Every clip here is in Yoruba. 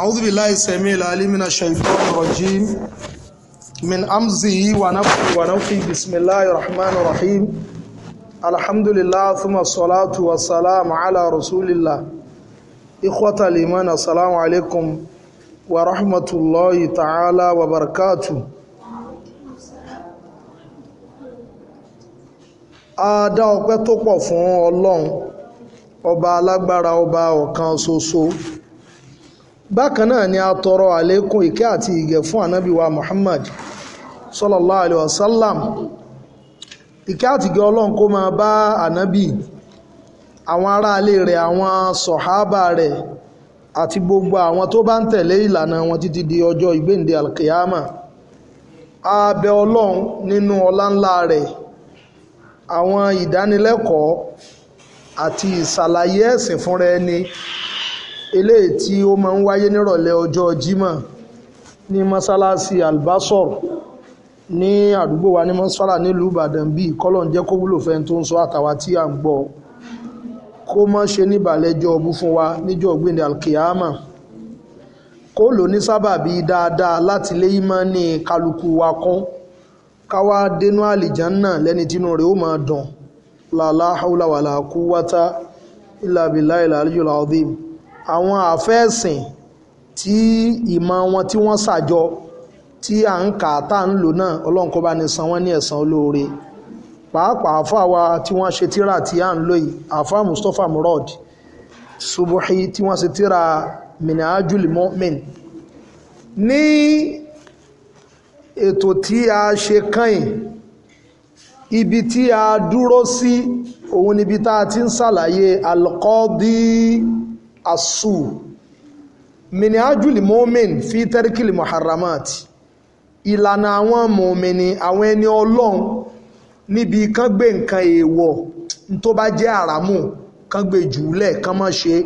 أعوذ بالله السميع العليم من الشيطان الرجيم من أمزه ونفخه ونفخه بسم الله الرحمن الرحيم الحمد لله ثم الصلاة والسلام على رسول الله إخوة الإيمان السلام عليكم ورحمة الله تعالى وبركاته a dá ọpẹ́ tó pọ̀ fún Ọlọ́run ọba alágbára ọba ọ̀kan ṣoṣo bákan náà ni a tọrọ àlékún ìkẹ́ àti ìgẹ̀ fún ànábì Muhammad sallallahu alaihi wasallam ìkẹ́ àti ìgẹ̀ ọlọ́run kó máa bá ànábì àwọn aráalé rẹ̀ àwọn sọ̀hábà rẹ̀ àti gbogbo àwọn tó bá ń tẹ̀lé ìlànà wọn títí di ọjọ́ ìgbéǹde alkiyama a bẹ̀ ọlọ́run nínú ọlá ńlá rẹ̀ àwọn ìdánilẹ́kọ̀ọ́ àti ìsàlàyé ẹ̀sìn fúnra ẹni eléyìí tí ó máa ń wáyé nírọ̀lẹ́ ọjọ́ Jímọ̀ ní mọ́sálásí Albasor ní àdúgbò wa ní mọ́sálà nílùú Ìbàdàn bíi kọ́lọ̀ ń jẹ́ kó wúlò fẹ́ tó ń sọ àtàwà tí à ń gbọ́ kó mọ́ ṣe níbàlẹ́jọ́ ọbú fún wa níjọ́ ọ̀gbìnrin alkiyama kó lò ní sábàbí dáadáa láti lé ìmọ̀ ní kálukú wa kún káwá dénú àlìjánná lẹ́ni tínú rẹ̀ ó máa dùn la la hawla wala quwwata illa billahi àwọn àfẹ́ẹ̀sìn tí ìmọ̀ wọn tí wọ́n ṣàjọ tí à ń kà tá à ń lò náà ọlọ́run kó bá ní san wọ́n ní ẹ̀san olóore pàápàá àfáà wa tí wọ́n ṣe tíra tí à ń lò yìí àfáà Mustapha Murad Subuhi tí wọ́n ṣe tíra minahajul mu'min ní ètò tí a ṣe kàn ibi tí a dúró sí òun níbi tá a ti ń ṣàlàyé alqadi asu mini ajuli momin fi tẹ́ríkìlì muharramat ìlànà àwọn mọ̀mìnì àwọn ẹni ọlọ́run níbi kán gbé nǹkan èèwọ̀ tó bá jẹ́ àràmù kán gbé jùúlẹ̀ kán má ṣe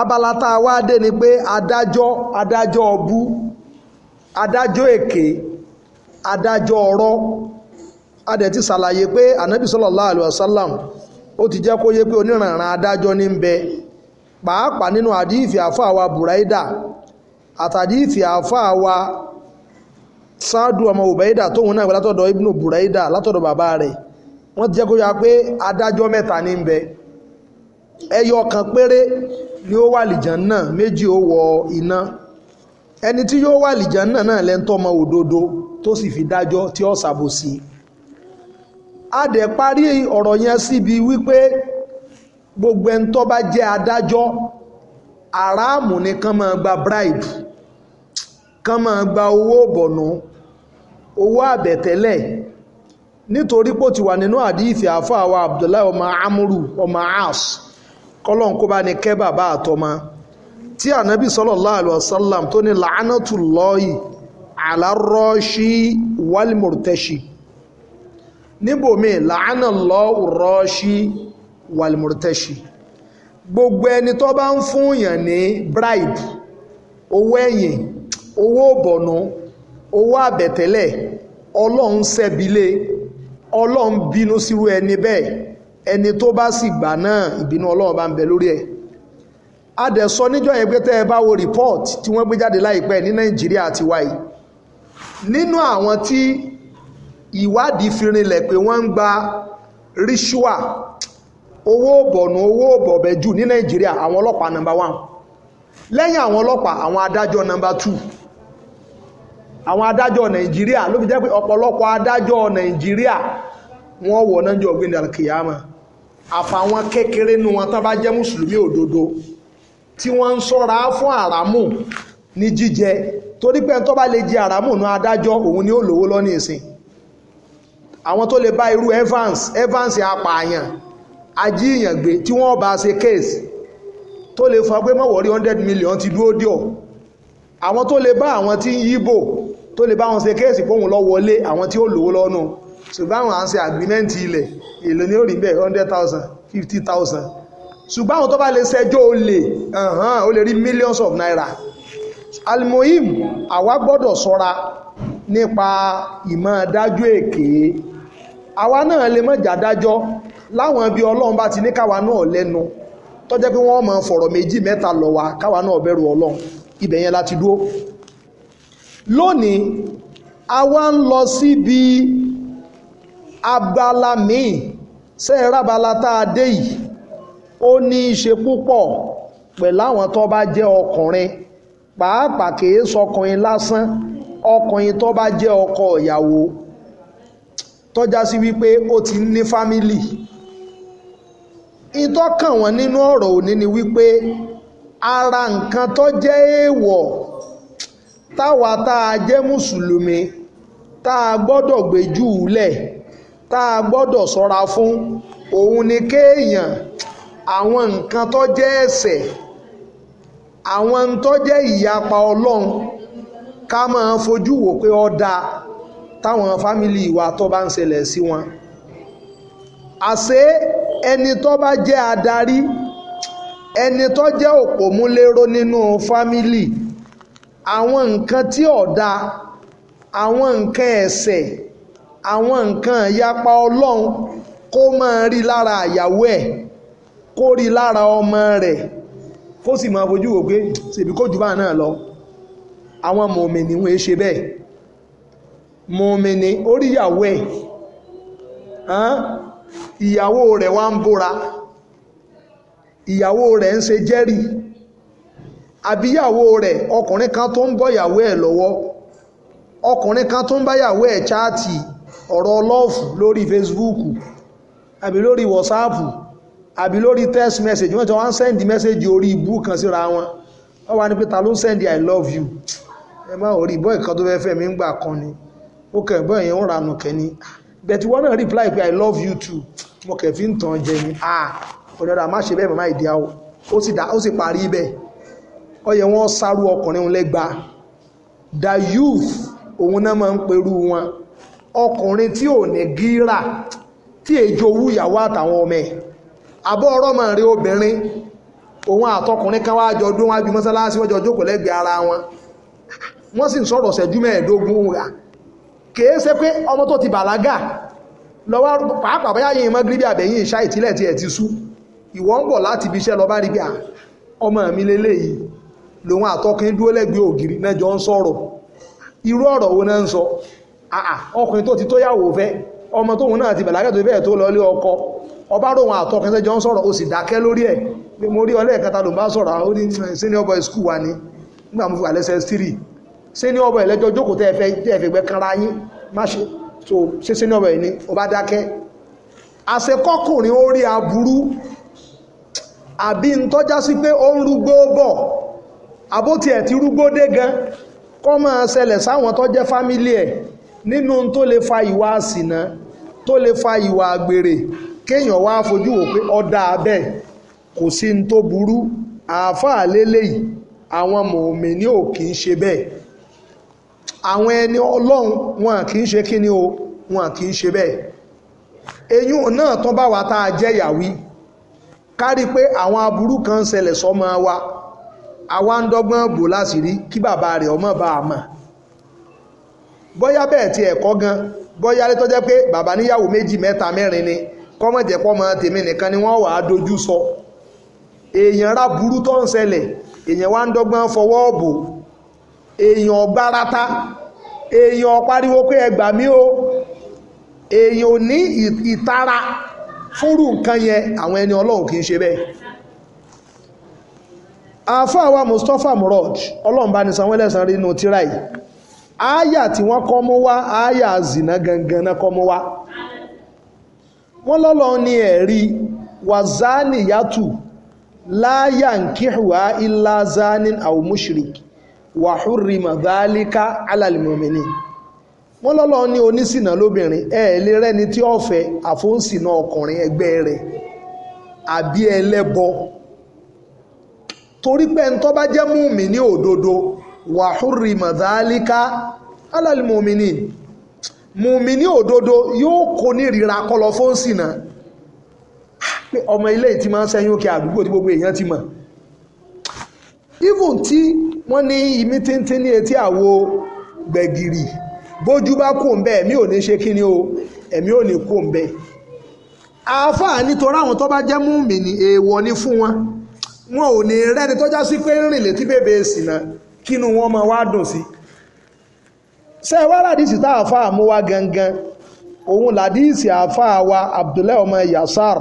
abala tá a wá dé ni pé adájọ́ adájọ́ ọbú adájọ́ èké adájọ́ ọ̀rọ̀ adẹ̀ ti ṣàlàyé pé anabi sallallahu alaihi wasallam ó ti jẹ́ kó yé pé oníranran adájọ́ ní ń bẹ pàápàá nínú àdífì àfáà wa buraida àtàdífì àfáà wa sáàdù ọmọ ubaida tóun náà látọ̀dọ̀ ibnu buraida látọ̀dọ̀ bàbá rẹ̀ wọ́n ti jẹ́ kó yá pé adájọ́ mẹ́ta ní bẹ ẹyọ kan péré ni ó wà lìjàn náà méjì ó wọ iná ẹni tí yóò wà lìjàn náà náà lẹ́ńtọ́ ọmọ òdodo tó sì fi dájọ́ tí ó ṣàbòsí a dẹ̀ parí ọ̀rọ̀ yẹn síbi wípé gbogbo ẹni tó bá jẹ́ adájọ́ aráàmù ni kán máa gba bribe kán máa gba owó bọ̀nù owó àbẹ̀tẹ́lẹ̀ nítorí pò ti wà nínú àdíìsì àfáàwà Abdullahi ọmọ amúrù ọmọ as kọ́lọ́n kó bá ní kẹ́ bàbá àtọmọ tí ànábì sallallahu alaihi tó ní la'anatullahi ala rashi wal níbòmí la'anallahu rashi wàlmùrtẹ́ṣì gbogbo ẹni tó bá ń fún yàn ní bribe owó ẹ̀yìn owó òbọ̀nù owó àbẹ̀tẹ́lẹ̀ ọlọ́run ṣẹ́bilé ọlọ́run bínú sírú ẹni bẹ́ẹ̀ ẹni tó bá sì gbà náà ìbínú ọlọ́run bá ń bẹ lórí ẹ̀ adẹ̀sọ níjọ́ yẹn pé tẹ́ ẹ bá wo report tí wọ́n gbé jáde láìpẹ́ ní nàìjíríà àti wáyé nínú àwọn tí ìwádìí fi rinlẹ̀ pé wọ́n ń gba rishua owó bọ̀nù owó bọ̀bẹ̀ jù ní nàìjíríà àwọn ọlọ́pàá nọmba one lẹ́yìn àwọn ọlọ́pàá àwọn adájọ́ nọmba two àwọn adájọ́ nàìjíríà ló fi jẹ́ pé ọ̀pọ̀lọpọ̀ adájọ́ nàìjíríà wọ́n wọ̀ náà jọ ọ̀gbìn dàkìyàmà àfàwọn kékeré nu wọn tán bá jẹ́ mùsùlùmí òdodo tí wọ́n ń sọ́ra fún àràmù ní jíjẹ torí pé tó bá lè jẹ àràmù náà adájọ́ òun ni ó lówó lọ́nìí sìn àwọn tó lè bá irú Evans Evans apààyàn ajíyàngbé tí wọ́n bá ṣe case tó lè fa pé mọ̀wọ́rí hundred million ti dúró díọ̀ àwọn tó lè bá àwọn tí ń yíbò tó lè bá wọn ṣe kéèsì póhùn lọ wọlé àwọn tí ó lówó lọ́nu ṣùgbọ́n àwọn ń ṣe àgbímẹ́ǹtì ilẹ̀ èlò ní òrì bẹ́ẹ̀ hundred thousand fifty thousand ṣùgbọ́n àwọn tó bá lè ṣẹjọ́ olè ó lè rí millions of naira almohim àwa gbọ́dọ̀ ṣọ́ra nípa ìmọ̀ dájú èké àwa náà lè mọ̀jà dájọ́ láwọn ibi ọlọ́run bá ti ní káwa náà lẹ́nu tó jẹ́ pé wọ́n máa fọ̀rọ̀ méjì mẹ́ta lọ wa káwa náà bẹ̀rù ọlọ́run ibẹ̀ yẹn láti dúró lónìí a wá ń lọ síbi abala míì sẹ́ẹ̀rábala tá a dé yìí ó ní í ṣe púpọ̀ pẹ̀lú àwọn tó bá jẹ́ ọkùnrin pàápàá kìí sọkùnrin lásán ọkùnrin tó bá jẹ́ ọkọ ìyàwó tọ́já sí wípé ó ti ní fámílì ìtọ́kàn wọn nínú ọ̀rọ̀ òní ni wípé ara nǹkan tó jẹ́ èèwọ̀ táwa tá a jẹ́ mùsùlùmí tá a gbọ́dọ̀ gbé jù ú lẹ̀ tá a gbọ́dọ̀ sọ́ra fún òun ni kéèyàn àwọn nǹkan tó jẹ́ ẹ̀ṣẹ̀ àwọn ń tó jẹ́ ìyapa ọlọ́run ká máa fojú wò pé ó dáa táwọn fámìlì ìwà tó bá ń ṣẹlẹ̀ sí wọn àṣé ẹni tó bá jẹ́ adarí ẹni tó jẹ́ òpòmúléró nínú fámílì àwọn nǹkan tí ọ̀dà àwọn nǹkan ẹ̀ṣẹ̀ àwọn nǹkan ìyapa ọlọ́run kó máa rí lára àyàwó ẹ̀ kó rí lára ọmọ rẹ̀ kó sì máa fojú wò pé ṣèbí kó jù bá náà lọ àwọn mọ̀mìnì wọn e ṣe bẹ́ẹ̀ mọ̀mìnì oríyàwó ẹ̀ ìyàwó rẹ̀ wá ń búra ìyàwó rẹ̀ ń ṣe jẹ́rìí àbíyàwó rẹ̀ ọkùnrin kan tó ń bọ̀yàwó ẹ̀ lọ́wọ́ ọkùnrin kan tó ń báyàwó ẹ̀ chaati ọ̀rọ̀ lọ́ọ̀fù lórí Facebook àbí lórí WhatsApp àbí lórí text message wọ́n ti wá ń sẹ́ndì mẹ́sẹ̀gì orí ibú kan síra wọn wọ́n wá ní pé ta ló ń sẹ́ndì I love you ẹ má ò rí bọ́ọ̀ kan tó fẹ́ fẹ́ mi ń gbà kan ni ó kẹ̀ bọ́ọ̀ yẹn ń ranù kẹ́ni But wọ́n náà reply pé i love you too mo kẹ̀ ń tàn jẹ ni ah ọ̀dọ̀dọ̀ àmá ṣe bẹ́ẹ̀ màmá ìdí àwọ̀ ó sì parí bẹ́ẹ̀ ó yẹ wọ́n sárú ọkùnrin òun lẹ́gba The youth òun náà máa ń perú wọn ọkùnrin tí ò ní gíra tí èjò owó ìyàwó àtàwọn ọmọ ẹ̀ àbọ̀ ọ̀rọ̀ máa rí obìnrin òun àtọkùnrin kan wáá jọ dún wájú mọ́sálásí wọ́n jọ jókòó lẹ́gbẹ̀ẹ́ ara wọn wọ́n sì ń sọ̀rọ̀ ṣẹ́jú mẹ́ẹ̀ẹ́dógún kìí pé ọmọ tó ti bàlágà lọ́wọ́ pàápàá bóyá yìnyín mọ́ gírídì àbẹ̀yìn ìṣá ìtílẹ̀ ti ẹ̀ ti sú ìwọ ń bọ̀ láti ibi iṣẹ́ lọ bá rí bí ọmọ mi lélẹ́yìí lòun àtọkùnrin dúró lẹ́gbẹ̀ẹ́ ògiri náà jọ wo náà ń sọ ọkùnrin tó ti fẹ́ ọmọ náà ti ọkọ ọba jọ ń sọ̀rọ̀ sì dákẹ́ lórí ẹ̀ pé mo rí ọlẹ́ẹ̀kẹta bá sọ̀rọ̀ ó ní senior ṣé ní ọbọ̀ ẹ̀lẹ́jọ́ jókòó tẹ́ ẹ fẹ́ gbẹ́ kanra yín má ṣe so ṣe ṣe ní ọbọ̀ ẹ̀ ni ó bá dákẹ́ àṣekọ́kùnrin ó rí aburú àbí ń tọ́já sí pé ó ń rúgbó bọ̀ àbótí ẹ̀ ti rúgbó dé gan kọ́ máa ṣẹlẹ̀ sáwọn tó jẹ́ fámílì ẹ̀ nínú tó lè fa ìwà àsìná tó lè fa ìwà àgbèrè kéèyàn wá fojú wò pé ọ̀dà abẹ́ kò sí ní tó burú àáfàá lélẹ́yìí àwọn mọ̀ọ́mẹ́ ní ò kì ṣe bẹ́ẹ̀ àwọn ẹni ọlọ́run wọn kì í ṣe kí ni o wọn kì í ṣe bẹ́ẹ̀ eyín náà tán bá wa tá a jẹ́ ìyàwí kárí pé àwọn aburú kan ṣẹlẹ̀ sọ́mọ wa àwa ń dọ́gbọ́n bò láṣìírí kí bàbá rẹ̀ ọmọ bá a mọ̀ bóyá bẹ́ẹ̀ ti ẹ̀kọ́ gan bóyá lè jẹ́ pé bàbá níyàwó méjì mẹ́ta mẹ́rin ni kọ́mọ̀ jẹ́ pọ́ tèmi nìkan ni wọ́n wà á dojú sọ èèyàn rá burú tó ń ṣẹlẹ̀ èèyàn wá ń dọ́gbọ́n fọwọ́ bò èèyàn gbárata èèyàn pariwo pé ẹgbà mí o èèyàn ò ní ìtara fúrú nǹkan yẹn àwọn ẹni ọlọ́run kì í ṣe bẹ́ẹ̀ àfáàwà Mustapha Murad ọlọ́run bá ní sanwó-ẹlẹ́sàn rí inú tíra yìí ááyà tí wọ́n kọ́ mú wá ááyà zìnà gangan náà kọ́ mú wá wọ́n lọ́lọ́ ní ẹ̀rí wàzánìyàtù láyà ń kíhùwá ìlà zanin àwòmúṣirìkì wàhúrìmọ̀ dáálíká alàlìmọ̀mìnì wọ́n lọ́lọ́ ní onísìnà lóbìnrin ẹ̀ lè rẹ́ni tí ọ̀fẹ́ àfóǹsìnà ọkùnrin ẹgbẹ́ rẹ̀ àbí ẹlẹ́bọ torí pé ẹ̀ńtọ́ bá jẹ́ múmi ní òdodo wàhúrìmọ̀ dáálíká alàlìmọ̀mìnì múmi ní òdodo yóò kó nírira kọlọ fóǹsìnà ọmọ ilé ìtì máa sẹ́yìn òkè àdúgbò tí gbogbo èèyàn ti mọ̀ even tí wọ́n ní imí tíntín ní etí àwo gbẹ̀gìrì bójú bá kò ń bẹ́ ẹ̀mí ò ní ṣe kí ni o ẹ̀mí ò ní kò ń bẹ́ àáfàá nítorí àwọn tó bá jẹ́ múmi ní èèwọ̀ ni fún wọn wọn ò ní rẹ́ni tọ́já sí pé rìn létí bèbè ìsìnà kínú wọn máa wá dùn sí ṣe wá ládìsí tá àáfàá mú wá gangan òun ládìsí àáfàá wa Abdullahi ọmọ Yasar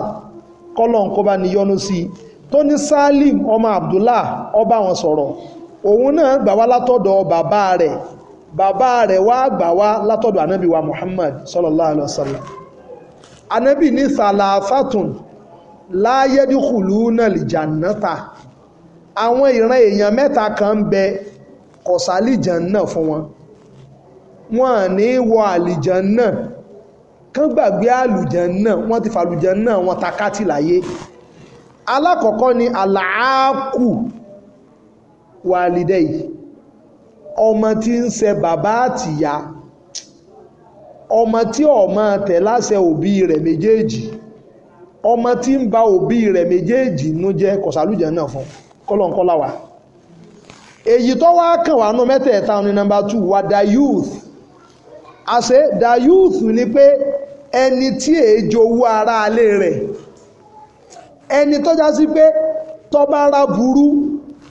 kọ́lọ̀ ń kó bá ní yọnu sí tó ní Salim ọmọ Abdullah ọba wọn sọ̀rọ̀ òun náà gbà wá látọ̀dọ̀ bàbá rẹ̀ bàbá rẹ̀ wá gbà wá látọ̀dọ̀ wa Muhammad sallallahu alaihi wasallam ànábì ní salafatun la yadkhuluna aljannata àwọn ìran èèyàn mẹ́ta kan ń bẹ kọ̀sálìjàn náà fún wọn wọn ní wọ àlìjàn náà kán gbàgbé àlùjàn náà wọ́n ti fàlùjàn náà wọn takátì láyé alákọ̀ọ́kọ́ ni àlàákù wàlídẹ́yì ọmọ tí ń ṣe bàbá àtìyá ọmọ tí ọmọ tẹ̀ láṣẹ òbí rẹ̀ méjèèjì ọmọ tí ń ba òbí rẹ̀ méjèèjì nú jẹ́ kọ̀sálùjẹ́ náà fún kọ́lọ̀ńkọ́lá wa èyí tó wá kàn wá nú mẹ́tẹ̀ẹ̀ta ní nọ́mbà two wa da youth àṣẹ da youth ni pé ẹni tí èjò owó aráalé rẹ̀ ẹni tó já sí pé tó bá burú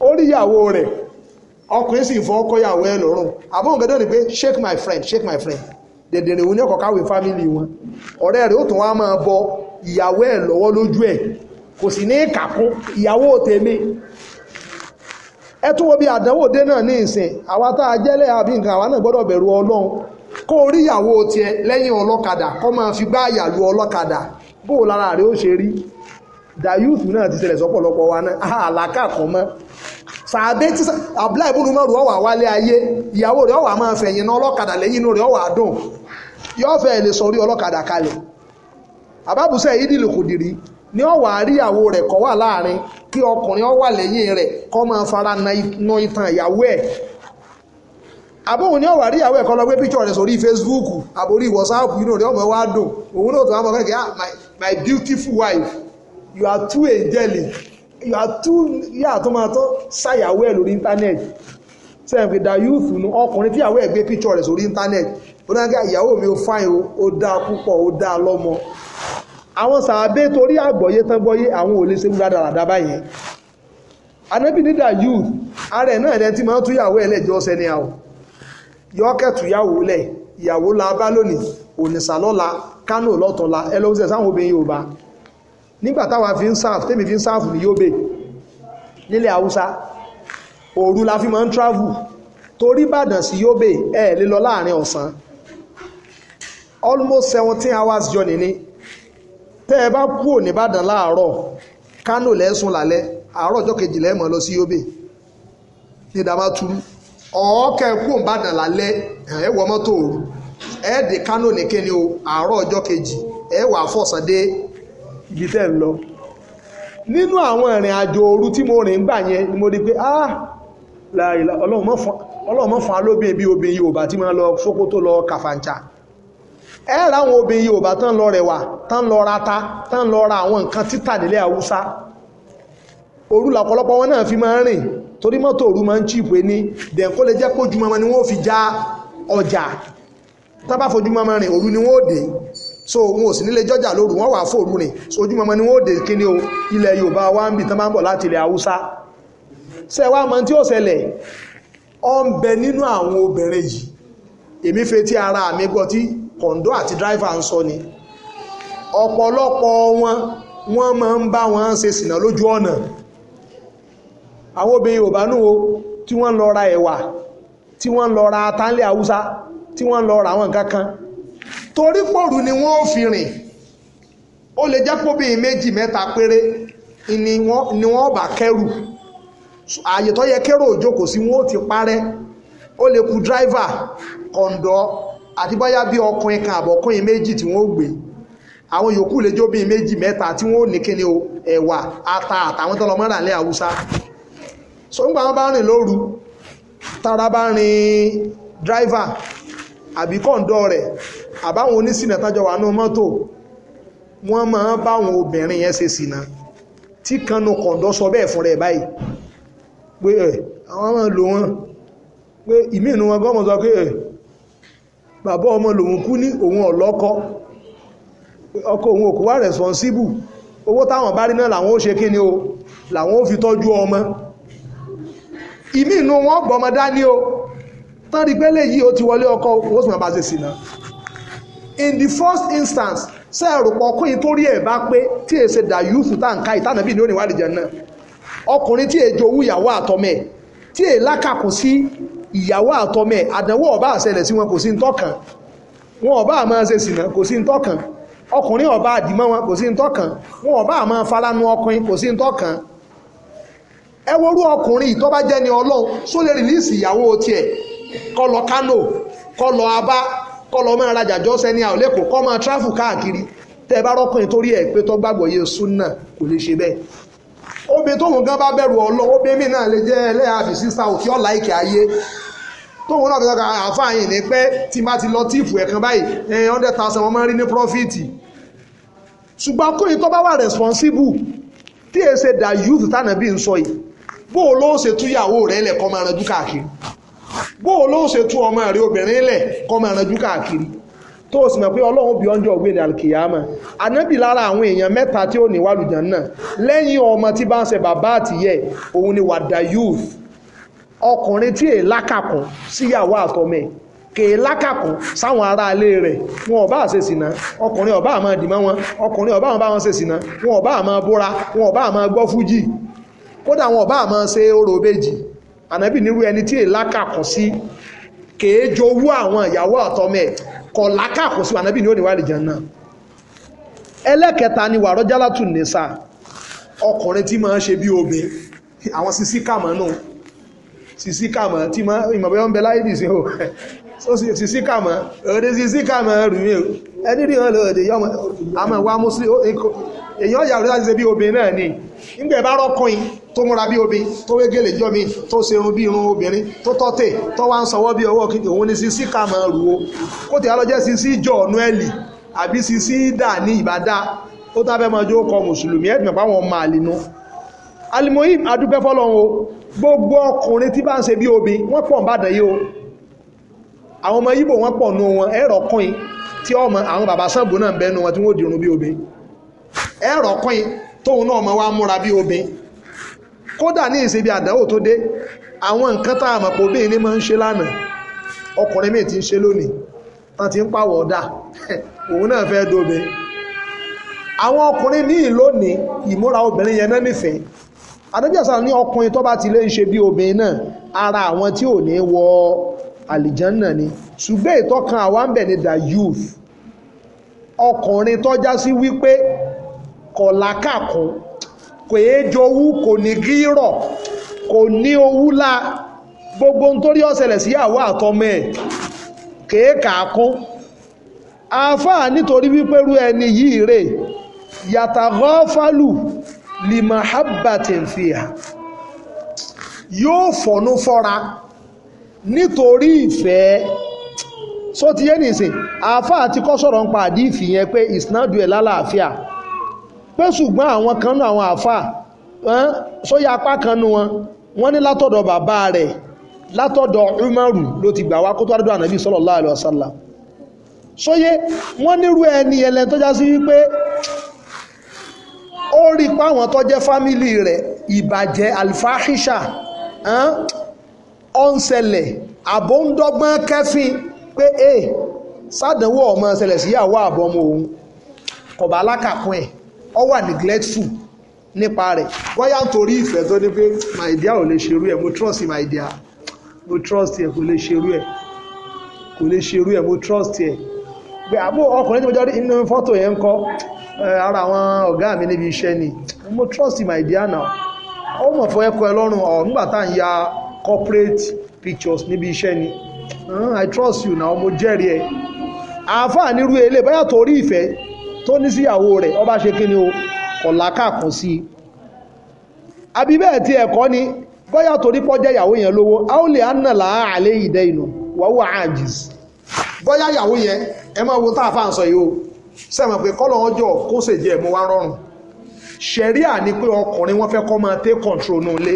ó rẹ ìyàwó rẹ̀ ọkùnrin sì fọwọ́ kọ́ ìyàwó ẹ̀ lọ́rùn àbọ̀n gẹ́gẹ́ ni pé shake my friend shake my friend dẹ̀dẹ̀rẹ̀ òun ní ọkọ̀ káwé fámìlì wọn ọ̀rẹ́ rẹ ó tún wá máa bọ ìyàwó ẹ̀ lọ́wọ́ lójú ẹ kò sì ní kàkó ìyàwó tèmi ẹ tún wo bí àdánwò dé náà ní ìsìn àwa tá a àbí nǹkan fi gbá àyà lu ọlọ́kadà lára ó ṣe rí ti ṣẹlẹ̀ sọ́pọ̀lọpọ̀ wa náà àlàkà kan sàbẹ́ tí Abdullahi ibn Umar ọ̀wà wálé ayé ìyàwó rẹ̀ ọ̀wà máa fẹ̀yìn náà ọlọ́kadà lẹ́yìn inú rẹ̀ ọ̀wà dùn yóò fẹ́ lè sọrí ọlọ́kadà kalẹ̀ àbábùsẹ̀ ìdí lòkùdìrí ní ọ̀wà àríyàwó rẹ̀ kọ́ wà láàrin kí ọkùnrin ọ̀wà lẹ́yìn rẹ̀ kọ́ máa fara na ìtàn ìyàwó ẹ̀ àbóhun ní ọ̀wà àríyàwó ẹ̀ kọ́ lọ gbé rẹ̀ sórí Facebook àbórí inú rẹ̀ ọmọ wa dùn òun náà tó wà mọ́ fẹ́ kí my beautiful wife you are too angelic àtú yá àtọ́ máa tọ́ ṣàyàwó ẹ̀ lórí íńtánẹ́ẹ̀tì sẹ́yìn pé da youth nu ọkùnrin tí ìyàwó ẹ̀ gbé píṣọ rẹ̀ sórí íńtánẹ́ẹ̀tì ó náà gá ìyàwó mi ó fáyìn ó dáa púpọ̀ ó dáa lọ́mọ àwọn sàábé torí àgbọ̀yé tán gbọ́yé àwọn ò lè ṣe gbúdá dáradá báyẹn anábì nídà youth ara ẹ̀ náà ẹ̀dẹ́ tí máa ń túyàwó ẹ̀ lẹ́jọ́ ọ̀sẹ̀ ni àwọ̀ yọ́kẹ̀ túyàwó lẹ̀ ìyàwó la bá lónìí ònìsàlọ́la kánò lọ́tọ̀la ẹlọ́wọ́sẹ̀ sáwọn obìnrin Yorùbá nígbà táwa fi ń sáàfù tèmi fi ń sáàfù ní Yobe nílẹ̀ Haúsá òru la fi máa ń travel torí Ìbàdàn sí Yobe ẹ̀ lè lọ láàrin ọ̀sán almost seventeen hours journey ni tẹ́ ẹ bá kúrò nìbàdàn láàárọ̀ Kánò lẹ́sùn lálẹ́ àárọ̀ ọjọ́ kejì lẹ́mọ̀ lọ sí Yobe ní Damaturu ọ̀ọ́kẹ́ kúrò nìbàdàn lálẹ́ ẹ̀ wọ mọ́tò òru ẹ̀ dé Kánò ní kíni o àárọ̀ ọjọ́ kejì ẹ̀ wà fọ̀sán dé ibi nínú àwọn ìrìn àjò tí mo rìn gbà yẹn ni mo pé ah láìlá ọlọ́run alóbìn bí obìnrin Yorùbá tí ma lọ tó lọ kàfàǹchà ẹ ráwọn obìnrin Yorùbá tán lọ rẹwà tán lọ rata tán lọ ra àwọn nǹkan títà nílẹ̀ Haúsá làpọ̀lọpọ̀ wọn fi máa ń rìn torí mọ́tò máa ń ní lè jẹ́ ni wọ́n fi já ọjà so wọn ò sì nílé jọ́jà lóru wọ́n wà fóònù rìn so ojúmọmọ ni wọ́n ó dé kíní o ilẹ̀ Yorùbá wa ń bì tán máa ń bọ̀ láti ilẹ̀ Haúsá ṣe wá mọ tí ó ṣẹlẹ̀ ọ ń bẹ nínú àwọn obìnrin yìí èmi fetí ara mi gbọ́ tí kọ̀ǹdọ́ àti dráìvà ń sọ ni ọ̀pọ̀lọpọ̀ wọn wọ́n máa ń bá wọn ṣe sìnà lójú ọ̀nà àwọn obìnrin Yorùbá nù o tí wọ́n lọ ra ẹ̀wà tí wọ́n lọ ra atánlé Haúsá tí wọ́n lọ ra àwọn nǹkan kan torí pòrú ni wọ́n fi rìn ó lè jẹ́ pòbí méjì mẹ́ta péré ni wọ́n bá kẹ́rù ààyè tó yẹ kérò òjòkó sí wọ́n ó ti parẹ́ ó lè ku dráìvà kọ̀ǹdọ́ àti bóyá bí ọkùnrin kan àbọ̀kùnrin méjì tí wọ́n ó gbé àwọn yòókù lè jó jóbi méjì mẹ́ta tí wọ́n ó ní kíni ẹ̀wà ata àtàwọn tọ́lọ mọ́ra ní haúsá so ń gbà wọn bá rìn lóru tára bá rìn dráìvà àbí kọ̀ǹdọ́ rẹ̀ àbáwọn onísìnà tájọ wà ní mọ́tò wọ́n máa báwọn obìnrin yẹn ṣe sìnà tí kanu kọ̀ǹdọ́ sọ bẹ́ẹ̀ fún rẹ̀ báyìí pé ẹ̀ eh, àwọn máa lò wọ́n pé ìmí ìnú wọn gọ́mọ̀ sọ pé ẹ̀ eh, bàbá ọmọ lòun kú ní òun ọ̀lọ́kọ ọkọ òun òkú wà rẹ̀sọ̀nsíbù owó táwọn bá rí náà làwọn ó ṣe kí ni o làwọn ó fi tọ́jú ọmọ ìmí ìnú wọn gbọmọdá ní o tán rí pẹ́lẹ̀ yìí ó ti wọlé ọkọ ó sì máa bá ṣe sí náà in the first instance ṣe ẹ̀rù pọ̀ ọkùnrin ẹ̀ bá pé tí èsè dà tá n ká ìtànàbí ní òníwá àdìjẹ náà ọkùnrin tí èjò owó ìyàwó àtọmẹ tí è ọba àṣẹlẹ̀ sí wọn kò sí ntọ́kàn wọn ọba àmọ́ ṣe ọba àdìmọ́ wọn kò sí ntọ́kàn wọn ọba àmọ́ ọkùnrin kò sí ntọ́kàn ẹ worú ọkùnrin ìtọ́bájẹ́ni ọlọ́run sólè kọ́ lọ máa rajà jọ́ sẹ́ni àwọn lẹ́kọ̀ọ́ kọ́ máa tráfù káàkiri tẹ́ ẹ bá rọ́kùnrin torí ẹ̀ pé tó gbàgbọ́ yé súnà kò lè ṣe bẹ́ẹ̀ obi tóun gan bá bẹ̀rù ọlọ́ obi mi náà lè jẹ́ ẹlẹ́yàfi sísá òkè ọ̀la ìkẹ́ ayé tóun náà tẹ́tọ́ àfààyàn ní pé tí má ti lọ tíìfù ẹ̀kan báyìí ẹ̀yìn hundred thousand wọn máa rí ní prọ́fìtì ṣùgbọ́n kóyin tó bá wà responsible tí èsè dà youth tánà bí ń sọ yìí bó o ló ṣe túyàwó rẹ̀ lẹ̀kọ́ máa ranjú káàkiri bóò ló ṣe tú ọmọ rẹ obìnrin lẹ̀ kọ́ máa ranjú káàkiri tó o sì mọ̀ pé ọlọ́run bí ọjọ́ ògbé ní alkiyama anábì lára àwọn èèyàn mẹ́ta tí ó ní wàlùjá náà lẹ́yìn ọmọ tí bá ń ṣe bàbá àtìyẹ òun ni wàdà youth ọkùnrin tí èè lákàkùn síyàwó àtọmẹ kèé lákàkùn sáwọn aráalé rẹ̀ wọn ọba àṣẹ sìnà ọkùnrin ọba àmọ́ dìmọ́ wọn ọkùnrin ọba àmọ́ bá wọn ṣe sìnà wọn ọba àmọ́ bóra wọn ọba àmọ́ gbọ́ fújì kódà wọn ọba àmọ́ ṣe orò bèjì ànábì nírú ẹni tí èè lákàkọ́ sí kèé jowú àwọn ìyàwó àtọmọ ẹ̀ kọ̀ lákàkọ́ sí ni ní òníwá àlìjẹ́ náà ẹlẹ́kẹta ni wàrọ́ jálátù nìsa ọkùnrin tí máa ń ṣe bí obìnrin àwọn sisi kàmọ́ náà sisi kàmọ́ tí máa ìmọ̀ bẹ́ẹ̀ bẹ láyé nìsín o so sisi kàmọ́ òde sisi kàmọ́ rùmí o ẹni rí wọn lọ yọmọ àmọ́ wa mùsùlùmí èyàn yà lọ́dá ṣe bí obìnrin náà ni nígbà ìbá tó múra bí obìnrin tó wé jọ mi tó ṣe bí irun obìnrin tó tọ́tẹ̀ tó wá ń sanwó bí owó kìkì òun ni sí sí kàmọ́ rú o kó tí a lọ jẹ́ ọ̀nù ẹ̀lì àbí sí ní ó tábẹ́ kọ mùsùlùmí ẹ̀dùn adúpẹ́ gbogbo ọkùnrin tí bá ń ṣe bí obìnrin o àwọn ọmọ ẹ̀rọ pín tóun náà mọ̀ wá múra bí obìn kódà ní ìsinmi àdáwò tó dé àwọn nǹkan tá a mọ̀ pé obìnrin ní máa ń ṣe lánàá ọkùnrin míì ti ń ṣe lónìí tán ti ń pàwọ̀ ọ̀dà òun náà fẹ́ dobe àwọn ọkùnrin míì lónìí ìmúra obìnrin yẹn náà nífẹ̀ẹ́ adébíyàsá ní ọkùnrin tó bá ti lè ń ṣe bí obìnrin náà ara àwọn tí ò ní wọ àlìjánná ni ṣùgbọ́n ìtọ́kan àwa ń bẹ̀ ní the youth ọkùnrin tó já sí wípé kọ̀ lákàkún kò é jowú kò ní gírọ̀ kò ní owú la gbogbo nítorí ọ̀sẹ̀lẹ̀ síyàwó àtọmọ ẹ̀ kéèkà kún àáfàá nítorí wípé rú ẹni yìí rè yàtàgọ́ fálù limahabbatin fiha yóò fọ̀nú fọ́ra nítorí ìfẹ́ só nìsín àáfàá ti kọ́ sọ̀rọ̀ ń pa àdífì yẹn pé ìsìnàdù ẹ̀ lálàáfíà pé ṣùgbọ́n àwọn kan nú àwọn àfà sóyà apá kan nú wọn wọ́n ní látọ̀dọ̀ bàbá rẹ̀ látọ̀dọ̀ Umaru ló ti gbà wá kó tó àdúrà nàbí sallallahu alaihi wasallam sóyé wọ́n nírú ẹni ẹlẹ́ tó já sí wípé ó rí pa àwọn tó jẹ́ fámílì rẹ̀ ìbàjẹ́ alfahisha pé e sádánwò ọmọ ṣẹlẹ̀ síyàwó àbọ̀mọ òun kọ̀bá alákàkún ẹ̀ ọ wà neglectful nípa rẹ̀ bóyá nítorí ìfẹ́ tó ní pé my dear ò lè ṣerú ẹ̀ mo trust my dear mo trust ẹ̀ kò lè ṣerú ẹ̀ kò lè ṣerú ẹ̀ mo trust ẹ̀ pé àbó ọkùnrin tí mo jọ́rí inú fọ́tò yẹn ń kọ́ ara àwọn ọ̀gá mi níbi iṣẹ́ ni mo trust my dear now ó mọ̀ fún ẹ̀kọ́ ẹ lọ́rùn ọ̀ nígbà tá à ń ya corporate pictures níbi iṣẹ́ ni I trust you now mo jẹ́rìí ẹ̀ àáfàá nírú ilé bóyá torí ìfẹ́ tó ní síyàwó rẹ̀ ọba ṣe kí ni o ọ̀làkàkùn sí i àbí bẹ́ẹ̀ tí ẹ̀kọ́ ni bóyá torí pọ́ jẹ́ ìyàwó yẹn lówó a ó lè ànà làá àlẹ́ ìdẹ́ inú wàhùn àjìs bóyá ìyàwó yẹn ẹ máa wo táàfà ń yìí o sẹ́wọ̀n pé kọ́lọ̀ ọjọ́ kó sì jẹ́ mú wá rọrùn ṣẹ̀ríà ni pé ọkùnrin wọ́n fẹ́ kọ́ máa take control nù lé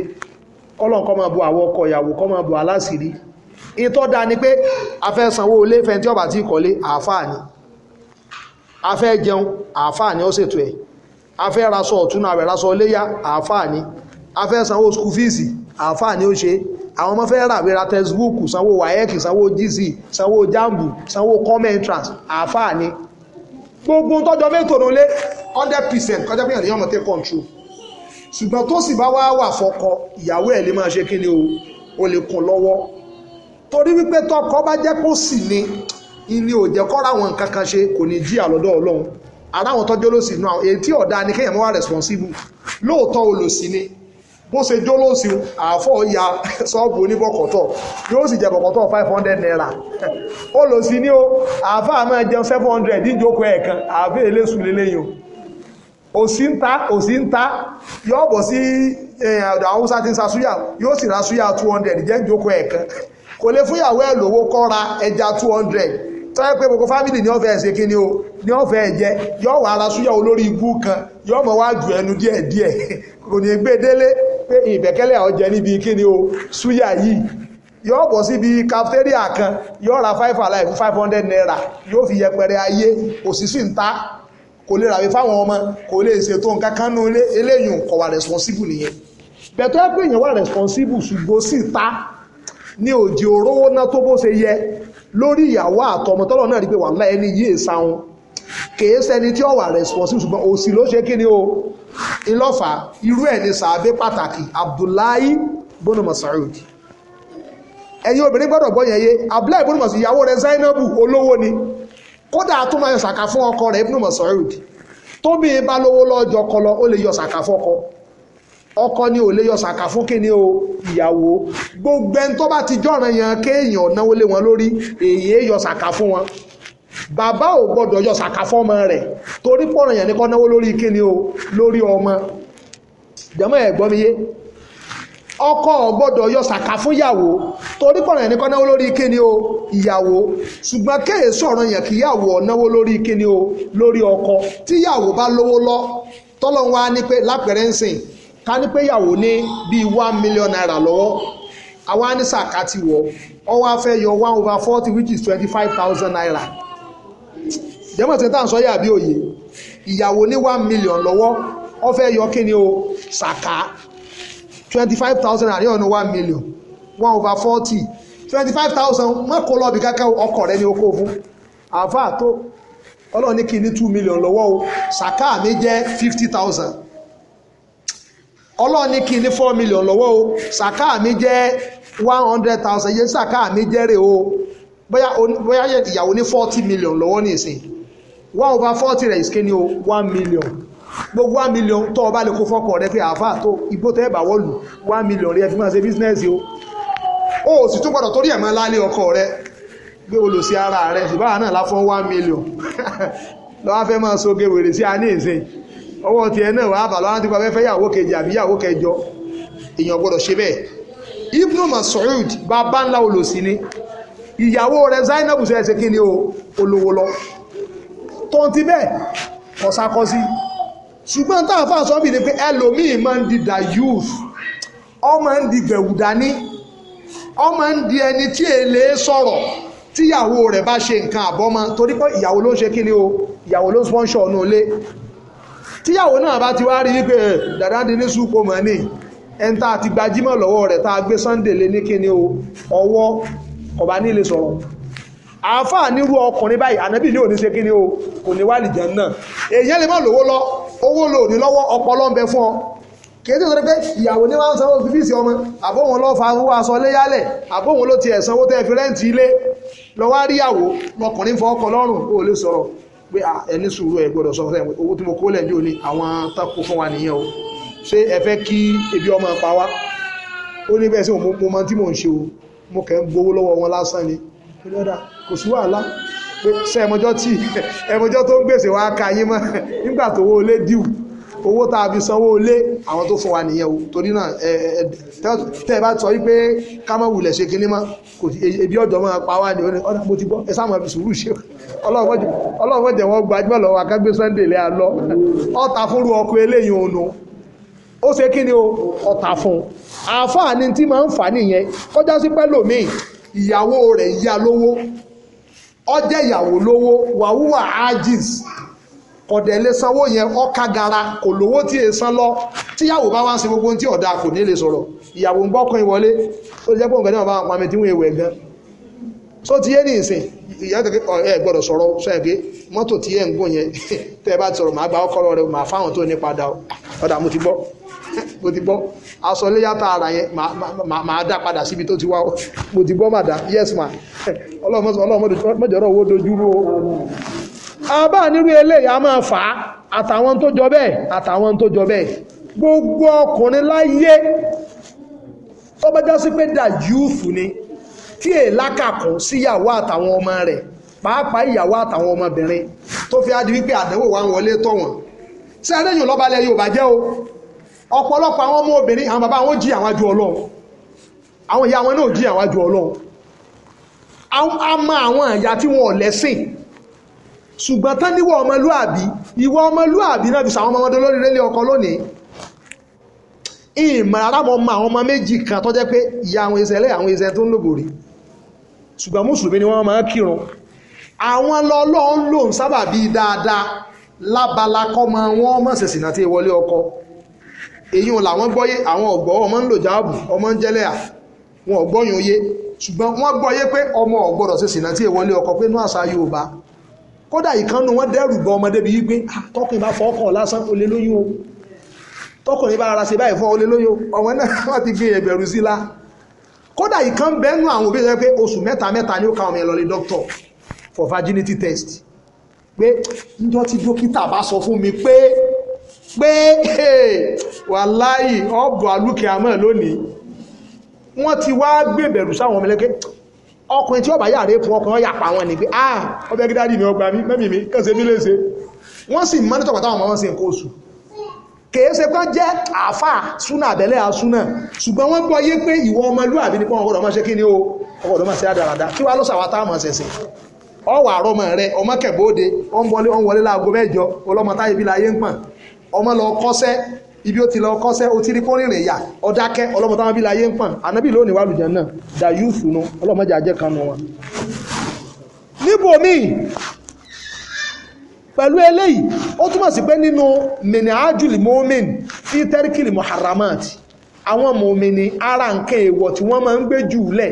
kọ́lọ̀ kọ́ máa bu àwọn ọkọ ìyàwó kọ́ máa bu aláṣìírí ìtọ́da ni pé afẹ́sanwó ilé fẹ́ntì ọ̀bà tí ìkọ́lé àáfàá ni afẹ́ jẹun àáfàá ni ó ṣètò ẹ̀ afẹ́ raṣọ ọ̀tún náà rẹ̀ raṣọ léyà àáfàá ni afẹ́ sanwó school fees àáfàá ni ó ṣe àwọn ọmọ fẹ́ ràwé ra textbook sanwó waec sanwó gc sanwó jambu sanwó common entrance àáfàá ni gbogbo tọ́jọ́ mẹ́tò nílé hundred percent kọjá pé èèyàn mọ̀ tẹ́ control ṣùgbọ́n tó sì bá wá wà fọkọ ìyàwó ẹ̀ lè máa ṣe kí ni o ò lè kún lọ́wọ́ torí wípé tọkọ bá jẹ́ kó sì ni ilé ò jẹ́ kọ́ra àwọn nǹkan kan ṣe kò ní jíyà lọ́dọ̀ ọlọ́run aráwọn tọ́jú olóòsì inú àwọn èyí tí ọ̀dà ni kéèyàn wá responsible lóòótọ́ olòsì ni bó ṣe jó lóòsì ya ṣọ́ọ̀bù oníbọ̀kọ̀tọ̀ yóò sì jẹ bọ̀kọ̀tọ̀ five hundred naira olòsì ni o àáfà máa jẹun seven hundred níjókòó ẹ̀ẹ̀kan àáfà eléṣù lélẹ́yìn o òsì ń ta òsì ń ta yóò bọ̀ sí ọ̀dọ̀ àwọn Haúsá tí ń sa súyà yóò sì ra súyà two hundred jẹ́ níjókòó ẹ̀ẹ̀kan kò lè fúyàwó ẹ̀ lówó kọ́ra ẹja two hundred tọ́yẹ́ pé gbogbo fámìlì ní ọ̀fẹ́ ẹ̀sẹ̀ kí ni o ní ọ̀fẹ́ ẹ̀jẹ́ yọ wà ara súyà olórí ibú kan yọ mọ̀ wá ju ẹnu díẹ̀ díẹ̀ kò ní gbé délé pé ìbẹ̀kẹ́lẹ̀ ọ̀jẹ̀ níbi kí ni o súyà yìí yọ bọ̀ síbi cafeteria kan yọ ra five alive five hundred naira yóò fi yẹpẹrẹ ayé òṣìṣì ń ta kò lè ràwé fáwọn ọmọ kò lè ṣètò nǹkan kan nú eléyìí kò wà responsible nìyẹn bẹ̀tọ́ pé èèyàn wà responsible ṣùgbọ́n sì ta ní òjì òróró ná tó bó ṣe yẹ lórí ìyàwó àtọmọ tọ́lọ̀ náà rí pé wàhálà ẹni yìí sáwọn kèé sẹni tí ó wà responsible ṣùgbọ́n òsì ló ṣe kí ni o ìlọ́fà irú ẹ̀ ní sàábé pàtàkì Abdullahi bono Mas'ud ẹ̀yin obìnrin gbọ́dọ̀ gbọ́ yẹn yé Abdullahi bono Mas'ud ìyàwó rẹ̀ Zainabu olówó ni kódà tó máa yọ sàkà fún ọkọ rẹ̀ Ibn Mas'ud tóbi bá lówó lọ́jọ́ kọlọ ó lè yọ sàkà fọ́kọ ọkọ ni ò lè yọ sàkà fún kíni o ìyàwó gbogbo ẹni tó bá ti jọ̀ràn yẹn kéèyàn náwó lé wọn lórí èyí yọ sàkà fún wọn bàbá ò gbọdọ̀ yọ sàkà fọ́mọ rẹ̀ torí pọ̀ràn yẹn ni kó náwó lórí kíni o lórí ọmọ jẹ́mọ́ ẹ̀ gbọ́ mi yé ọkọ ò gbọdọ̀ yọ sàkà fún ìyàwó torí pọ̀ràn yẹn ni kó náwó lórí kíni o ìyàwó ṣùgbọ́n kéè sọ̀rọ̀ yẹn kí ìyàwó ó náwó lórí kíni o lórí ọkọ tí ìyàwó bá lówó lọ tọ́lọ́ wa ní pé lápẹ̀rẹ́ ń sìn ká ní pé ìyàwó ní bíi one million naira lọ́wọ́ àwa ní sàkà ti wọ̀ ọ wá fẹ́ yọ one over forty which is twenty five thousand naira jẹ́mọ̀ tí táà ń sọ yà bí òye ìyàwó ní one million lọ́wọ́ ọ fẹ́ yọ kí o sàkà twenty five thousand naira ní ọ̀nà one million one over forty twenty five thousand mọ́kò lọ́ọ̀bì kankan ọkọ̀ rẹ ní oko fún àáfàá tó ọlọ́ọ̀ni kì í ní two million lọ́wọ́ o sàkà mi jẹ́ fifty thousand ọlọ́run ní kí n ní four million lọ́wọ́ o sàká mi jẹ́ one hundred thousand yẹn sàká mi jẹ́rè o bóyá bóyá ìyàwó ní forty million lọ́wọ́ nìsín one over forty rẹ̀ ìsìké ní o one million gbogbo one million tó o bá lè kó fọkọ rẹ pé àáfàá tó igbó tẹ́ bá wọ́ọ̀lù one million rẹ fi máa ṣe bísínẹ́sì o o sì tún gbọ́dọ̀ torí ẹ̀ máa lálẹ́ ọkọ rẹ gbé olùsí ara rẹ ṣùgbọ́n àná láfọ́ one million lọ́wọ́ fẹ́ máa so gé wèrè sí a ọwọ́ tiẹ̀ náà wàá bà lọ́nà nípa fẹ́fẹ́ yàwó kejì àbí yàwó kẹjọ èèyàn gbọ́dọ̀ ṣe bẹ́ẹ̀ Ibnu Mas'ud bàbá ńlá olòṣì ni ìyàwó rẹ̀ Zainab ṣe ẹsẹ̀ kí o olówó lọ tó ń ti bẹ́ẹ̀ kọsákọsí ṣùgbọ́n táwọn fáwọn sọ́bì ni pé ẹlòmíì máa ń di dayuth ọmọ ń di gbẹ̀wù dání ọmọ ń di ẹni tí èlé sọ̀rọ̀ tíyàwó rẹ̀ bá ṣe nǹkan àbọ́mọ torí pé ìyàwó ló ń ṣe kí o ìyàwó ló ń spọ́nṣọ̀ ọ̀nà ilé tíyàwó náà bá ti wá rí wípé eh, dàdá dín ní sùkò mọ́ ní ẹni tá a ti gbajímọ̀ lọ́wọ́ rẹ̀ tá a gbé Sunday lé ní kíni ọwọ́ ọba ní ilé sọ̀rọ̀ àáfàá nírú ọkùnrin báyìí ànábì ní òní ṣe kíni o kò ní wà lìjẹ́ náà èyí lè má lówó lọ owó lò ní lọ́wọ́ ọpọlọ ń bẹ fún ọ kéde sọ pé ìyàwó ní wọ́n sanwó fífíìsì ọmọ àbóhun ló fa owó aṣọ léyálẹ̀ àbóhun ló ti pé ah, ẹni sùúrù ẹ gbọ́dọ̀ sọ fún owó tí mo kó lẹ̀ ní òní àwọn tako fún wa nìyẹn o ṣé ẹ fẹ́ kí ebi ọmọ pa wá ó ní bẹ́ẹ̀ sí mo máa tí mò ń ṣe o mo kẹ́ ń gbowó lọ́wọ́ wọn lásán ni ìrọ́dà kò sí wàhálà pé ṣe ẹmọjọ́ tí ẹmọjọ́ tó ń gbèsè wá ka yín mọ́ nígbà tó wó díù owó tá a fi sanwó lé àwọn tó fún nìyẹn o torí náà ẹ bá sọ wípé kámọ́ wulẹ̀ ṣe kinní kò sí e, ebi ọjọ máa pa wá ní ọ̀dà mo ti gbọ́ ẹ sáà máa fi sùúrù ṣe ọlọ́wọ́ wọ́n gbajúmọ̀ lọ́wọ́ Sunday lẹ́yà lọ o kọ̀dẹ̀ lè sanwó yẹn ọ̀ka gara kò lówó tí è san lọ tíyàwó bá wá ń ṣe gbogbo ohun tí ọ̀dà kò ní lè sọ̀rọ̀ ìyàwó ń bọ́kùnrin wọlé ó jẹ́ pé òǹkà náà bá wọn pàmì tí wọ́n ewé gan so ti yé ní ìsìn ìyá kẹ̀kẹ́ ẹ gbọ́dọ̀ sọ̀rọ̀ sọ ẹ̀gbẹ́ mọ́tò tí yẹ ń gùn yẹn tẹ́ ẹ bá ti sọ̀rọ̀ màá gba ọkọ̀ rẹ màá fáwọn tó ní padà ọ̀dà mo ti gbọ́ mo ti gbọ́ aṣọ iléyàtọ̀ ara yẹn màá dá padà síbi tó ti wá mo ti gbọ́ màdá yes ma ọlọ́mọdé ọ̀rọ̀ owó dojú rú àbá nírú eléyìí a máa fà á àtàwọn tó jọ bẹ́ẹ̀ àtàwọn tó jọ bẹ́ẹ̀ gbogbo ọkùnrin láyé tó bá já sí pé dà yúùfù ni tí èlákàkùn síyàwó àtàwọn ọmọ rẹ̀ pàápàá ìyàwó àtàwọn ọmọbìnrin tó fi á di wípé àdánwò wa ń wọlé tọ̀ wọ́n ṣé adéyìn lọ́ba ilẹ̀ Yorùbá jẹ́ o ọ̀pọ̀lọpọ̀ àwọn ọmọ obìnrin àwọn bàbá wọn jí àwọn ajú Ọlọ́run àwọn ìyá wọn náà jí àwọn Ọlọ́run a máa àwọn àyà tí wọn ò lẹ́sìn ṣùgbọ́n tán níwọ̀ ọmọlúàbí ìwọ ọmọlúàbí náà fi sàwọn ọmọdé lórí rẹ́lẹ̀ ọkọ lónìí ìmọ̀ arámọ̀ ma àwọn ọmọ méjì kan tó jẹ́ pé ìyá àwọn ẹsẹ̀ lẹ́yìn àwọn ẹsẹ̀ tó ń lògbòrí ṣùgbọ́n mùsùlùmí ni wọ́n máa ń kírun àwọn lọ́lọ́ ń lò ń sábà bíi dáadáa lábala kọ́ ma wọ́n kódà ìkànnù wọn dẹ́rù bọ ọmọdé bí wípé ah, tọkùnrin bá fọ́ọ̀kọ̀ lásán olè lóyún o tọkùnrin bá ara ṣe báyìí fún olè lóyún ọmọ náà wọ́n ti gbé ẹ̀bẹ̀rù sí la kódà ìkan bẹ́nu àwọn òbí rẹ pé oṣù mẹ́ta mẹ́ta ni ó ka ọmọ ìlọlẹ̀ doctor for virginity test pé njọ́ tí dókítà bá sọ fún mi pé pé wàláì ọ̀bọ̀ alúkẹ́ àmọ́ lónìí wọ́n ti wá gbé ẹ̀bẹ̀rù sáwọn ọmọ ọkùnrin tí ó bá yà rẹ̀ fún ọkùnrin ọ̀yà pa wọn ni pé ah ọbẹ̀ gídárì mi ọgbà mi mẹ́mì mi kẹ́sẹ̀ mi léṣe wọ́n sì mọ́ pàtàkì àwọn ọmọ sí nǹkan oṣù kèése kan jẹ́ àfà súnà àbẹ̀lẹ̀ àsúnà ṣùgbọ́n wọ́n gbọ́ yé pé ìwọ ọmọlúwàbí ni ibi otile ọkọ lọ kọ́sẹ́ ó ya rí pọ́n rìnrìn ìyà ọ̀dákẹ́ ọlọ́mọ táwọn bí láyé ń pọ̀n ànábì lónìí wà lùjẹ́ náà dà yúùfù nu ọlọ́mọdé ajẹ́ kan nu wọn. níbo míì pẹ̀lú eléyìí ó túmọ̀ sí pé nínú mìnà ájúlì mọ́mìn fi tẹ́ríkìlì muharramat àwọn mọ̀mìnì ara nǹkan èèwọ̀ tí wọ́n máa ń gbé jù lẹ̀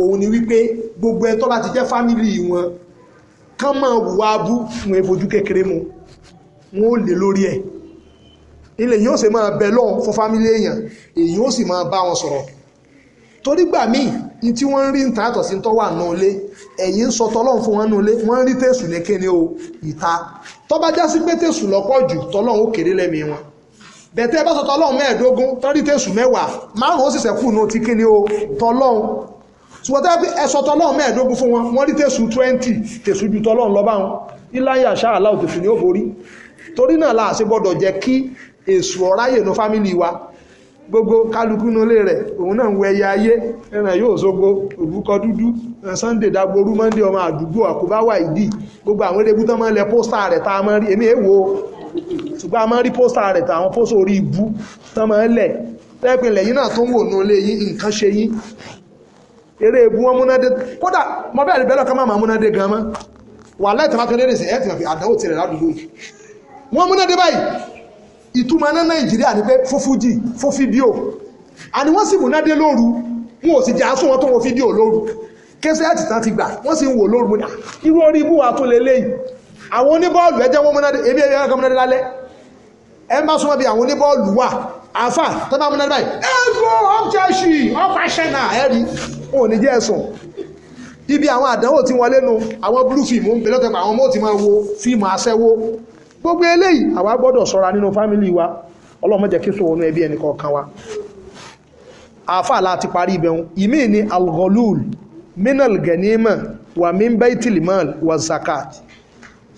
òun ni wípé gbogbo ẹ̀ tó ti jẹ́ fámìlì wọn kán máa wùwá abú wọn èfojú kékeré mu wọn ò lè lórí ẹ̀ ilẹ̀ yóò sì máa bẹ lọ́n fún fámílì èèyàn èyí ó sì máa bá wọn sọ̀rọ̀ torí gbà míì ní tí wọ́n ń rí ìta àtọ̀ sí tọ́wà nulé ẹ̀yìn ń sọ tọ́lọ́n fún wọn nulé wọ́n ń rí tẹ̀sù ní kéde o ìta tó bá já sí pé tẹ̀sù lọ́pọ̀ jù tọ́lọ́n ó kéré lẹ́mìí wọn bẹ̀tẹ́ bá sọ tọ́lọ́n mẹ́ẹ̀ẹ́dógún tọ́rí tẹ̀sù mẹ́wàá márùn-ún ó sì sẹ́kù nù ti kéde o tọ́lọ́n ṣùgbọ́n tẹ́ ẹ̀sọ́ tọ́lọ́n mẹ́ẹ̀ẹ́dógún fún wọn wọ́n rí tẹ̀sù twenty tẹ̀sù ju tọ́lọ́n lọ bá wọn iláyà ṣáà láòtẹ̀sù ni ó borí torí náà láàṣẹ gbọ́dọ̀ jẹ́ kí èṣù ọ̀ráyè ní fámìlì wa gbogbo kálukú nílé rẹ̀ òun náà ń wẹ ẹyẹ ayé ẹran yóò sógbó òbúkọ dúdú sunday dagboru monday ọmọ àdúgbò àkóbá wà ìdí gbogbo àwọn erébú tán máa ń lẹ pósítà rẹ̀ tá a máa ń rí èmi èwo ṣùgbọ́n a máa ń rí pósítà rẹ̀ tá àwọn pósítà orí ibú tán máa ń lẹ̀ tẹ́pìnlẹ̀ yìí náà tó ń wò ní olé yìí nǹkan ṣe yìí eré ebu wọn múnádé kódà mọ bẹ́ẹ̀ bẹ́ẹ̀ lọ́kàn máa múnádé gan mọ́ wà láì ìtumọ̀ náà nàìjíríà ni pé fún fújì fún fídíò àní wọ́n sì mú nádé lóru wọn ò sì jẹ́ àsùn wọn tó wọn fídíò lóru kẹsẹ̀ àti tán ti gbà wọ́n sì ń wò lóru múdà irú orí ibú wa tó lè léyìí àwọn oníbọ́ọ̀lù ẹjẹ́ wọn múnádé ebi ẹgbẹ́ ọkọ̀ múnádé lálẹ́ ẹ má súnmọ́ bí àwọn oníbọ́ọ̀lù wà àfà tó bá múnádé báyìí ẹ gbọ́ ibi àwọn àdánwò tí wọlé nu àwọn blue film ń bẹ lọ́tọ̀ àwọn ọmọ ò ti máa wo fíìmù aṣẹ́wó gbogbo eléyìí àwa gbọ́dọ̀ ṣọ́ra nínú fámílì wa ọlọ́mọ jẹ́ kí sọ̀wọ́nú ẹbí ẹnì kọ̀ọ̀kan wa àáfà láti parí ibẹ̀hún ìmí ni algolul minal ganima wa min baitil wa zakat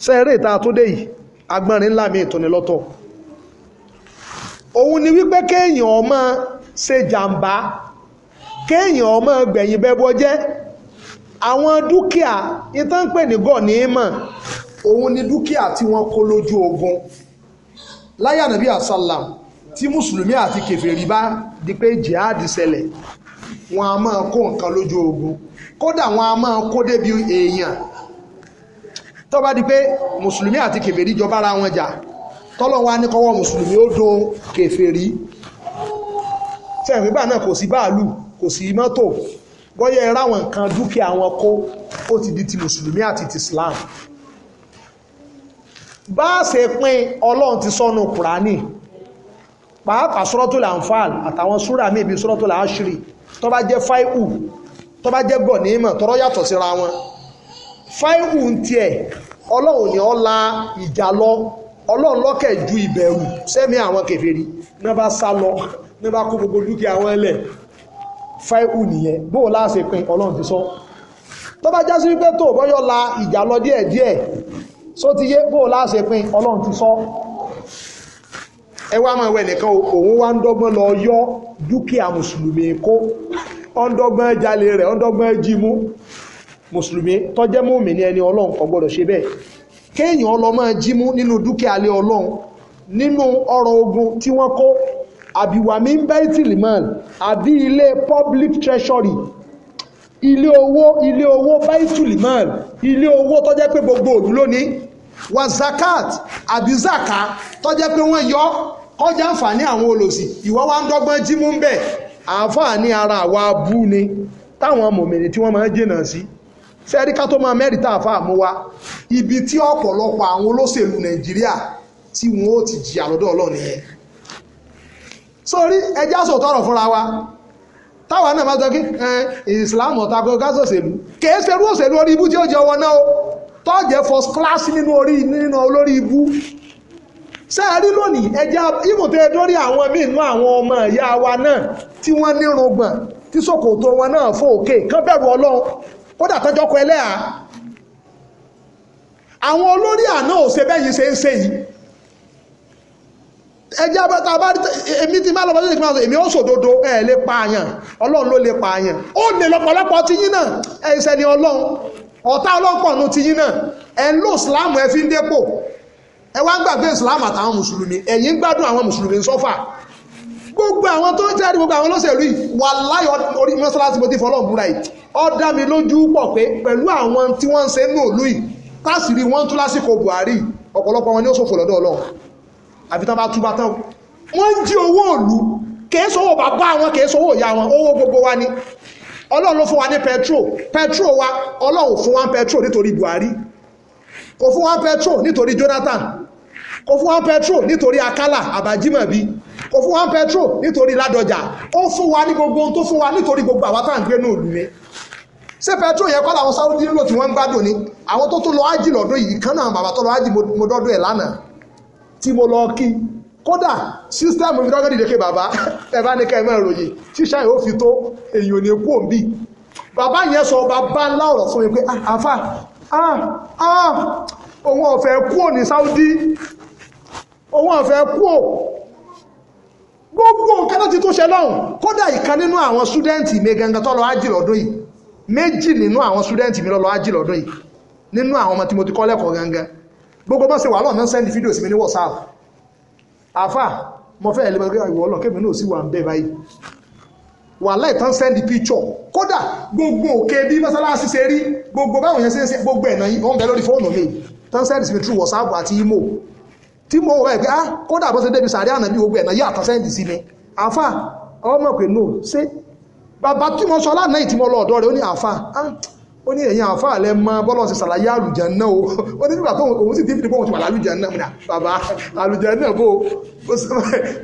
sẹ́ẹ̀rẹ́ ìta tó dé yìí agbọ́nrin ńlá mi ìtọ́ni lọ́tọ̀ òun ni wípé kéèyàn ọmọ ṣe jàǹbá kéèyàn ọmọ gbẹ̀yìn bẹ́bọ jẹ́ àwọn dúkìá ìtàn pè ní mọ̀ òun ni dúkìá tí wọ́n kó lójú ogun láyé ànábì àsálàm tí mùsùlùmí àti kèfèrí bá di pé jihadi ṣẹlẹ̀ wọn a máa kó nǹkan lójú ogun kódà wọn a máa kó débi èèyàn tó bá di pé mùsùlùmí àti kèfèrí jọ bára wọn jà tọ́lọ́wọ́ á ní kọ́wọ́ mùsùlùmí ó dun kèfèrí sẹ́yìnbá náà kò sí báàlù kò sí mọ́tò bọ́yẹ̀ ráwọn nǹkan dúkìá wọn kó ó ti di ti mùsùlùmí àti ti Islam bá a ṣe pín ọlọ́run ti sọ́nu kùránì pàápàá suratul anfal àtàwọn súrà míì bíi suratul ashri tó bá jẹ́ fáìhù tó bá jẹ́ bọ̀ nímọ̀ tọ́rọ yàtọ̀ síra wọn fáìhù ń tiẹ̀ ọlọ́run ni ọ̀la ìjà lọ ọlọ́run lọ́kẹ̀ ju ìbẹ̀rù sẹ́mi àwọn kèfèrí náà bá sá lọ náà bá kó gbogbo dúkìá wọn lẹ̀ fáìhù nìyẹn bóò láṣepin ọlọ́run ti sọ tó bá jásí wípé tó bọ́yọ́ la ìjà lọ díẹ̀díẹ̀ so ti yé bó láṣẹ pin ọlọ́run ti sọ ẹ wá máa wẹ̀ nìkan òun wá ń dọ́gbọ́n lọ yọ dúkìá mùsùlùmí kó ó ń dọ́gbọ́n jalè rẹ̀ ó ń dọ́gbọ́n jí mú mùsùlùmí tó jẹ́ mùmí ní ẹni ọlọ́run kò gbọ́dọ̀ ṣe bẹ́ẹ̀ kéèyàn ilé public treasury ilé owó ilé owó bẹ́ ìtìlímọ̀n ilé owó tó jẹ́ pé gbogbo òdú lónìí wà zakat àbí zaka tọ́jẹ́ pé wọ́n yọ kọjá àǹfààní àwọn olòsì ìwọ́ wa ń dọ́gbọ́n jí mú àǹfààní ara àwa ni táwọn mòmìnì tí wọ́n máa ń jìnnà sí sẹ́rí ká tó máa ibi tí ọ̀pọ̀lọpọ̀ àwọn olóṣèlú nàìjíríà wọn ó ti jìyà lọ́dọ̀ sórí ẹjẹ́ fúnra wa náà máa sọ kí islam kèé ṣerú òṣèlú orí ibú tí ó ọwọ́ tọ́jẹ́ first class nínú orí nínú olórí ibú sáàrí lónìí ẹja ìmùtẹ́ dórí àwọn míì nú àwọn ọmọ ìyá wa náà tí wọ́n nírùngbọ̀n tí ṣòkòtò wọn náà fò òkè kán bẹ̀rù ọlọ́run kódà tọ́jọ́ kọ ẹlẹ́à àwọn olórí àná ò ṣe bẹ́yìn ṣe ń ṣe yìí ẹjẹ́ abẹ́ta bá èmi ti má lọ́pọ̀ sí ìpínlẹ̀ èmi ó sòdodo ẹ̀ lè pààyàn ọlọ́run ló lè pààyàn ó lè lọ́pọ̀lọpọ̀ ti yín náà ẹ̀ ìṣẹ́ni ọlọ́run ọ̀tá ọlọ́pọ̀ ló ti yín náà ẹ ló ìsìláàmù ẹ fi ń dépò ẹ wá gbàgbé ìsìláàmù àtàwọn mùsùlùmí ẹ̀yin gbádùn àwọn mùsùlùmí ń sọ́fà gbogbo àwọn tó ń jáde gbogbo àwọn olóṣèlú yìí wà láyé orí mọ́sálásí mo ti fọ́ ọlọ́ọ̀bùra yìí ó dá mi lójú pọ̀ pé pẹ̀lú àwọn tí wọ́n ń ṣe ní òlú yìí káàsìrí wọ́n tú lásìkò Buhari ọ̀pọ̀lọpọ̀ wọn ni ó ṣòfò lọ́dọ̀ Ọlọ́run àfi tán bá túbá tán wọ́n jí owó òlú kèé sọ́wọ́ bàbá wọn kèé sọ́wọ́ ìyá wọn owó gbogbo wa ni ọlọ́run ló fún wa ní petrol petrol wa ọlọ́run fún wa petrol nítorí Buhari kò fún wa petrol nítorí Jonathan kò fún wa petrol nítorí Akala Abajimabi kò fún wa petrol nítorí Ládọjà ó fún wa ní gbogbo ohun tó fún wa nítorí gbogbo àwa tá à ń gbé náà lù mí ṣé petrol yẹn kọ́ làwọn Saudi nílò tí wọ́n ń gbádùn ni àwọn tó tó lọ ájì lọ́dún yìí kan náà bàbá tó lọ ájì mo dọ́dún ẹ̀ lánàá tí mo lọ kí kódà sísítẹ́ẹ̀mù fi dọ́gẹ́dì lè ké bàbá ẹ bá ní kẹ́ẹ̀mọ́ ìròyìn tíṣà yóò fi tó èyàn ní kú òǹbí bàbá yẹn sọ bàbá ńlá ọ̀rọ̀ fún mi pé ah, àfà ah, ah, òun ọ̀fẹ́ kú ò ní Saudi òun ọ̀fẹ́ kú ò gbogbo nǹkan náà ti tó ṣe lọ́hùn kódà ìkan nínú àwọn súdẹ́ǹtì mi gangan tó lọ ájì lọ́dún yìí méjì nínú àwọn súdẹ́ǹtì mi lọ ájì lọ́dún yìí nínú àwọn ọmọ tí mo ti kọ́ lẹ́kọ̀ọ́ gangan gbogbo bá ṣe wà lọ́nà sẹ́ndì fídíò sí mi ní WhatsApp àfà mo fẹ́ ẹ̀lẹ́mọ̀ pé ìwọ ọlọ́ kémi náà sì wà ń bẹ̀ báyìí wà láì tán send the picture kódà gbogbo òkè bí mọ́sálásí ṣe rí gbogbo báwọn yẹn ṣe ń ṣe gbogbo ẹ̀nà yìí wọ́n bẹ lórí fóònù mi tán send sí mi through whatsapp àti imo tí mo wọ̀ ẹ̀ pé ah kódà bó ṣe débi sàrí àná bí gbogbo ẹ̀nà yìí àtàn send sí mi àfà ọmọ pé no ṣé bàbá tí mo sọ lánàá ìtìmọ̀ lọ́ọ̀dọ́ rẹ̀ ó ní àfà ah ó ní ẹ̀yìn àfáà lẹ mọ bọ́lọ̀ sí sàlàyé àlùjánnà o ó ní nígbà tó òun sì dífìdí bóun ti wà lálùjánnà múnà bàbá àlùjánnà bó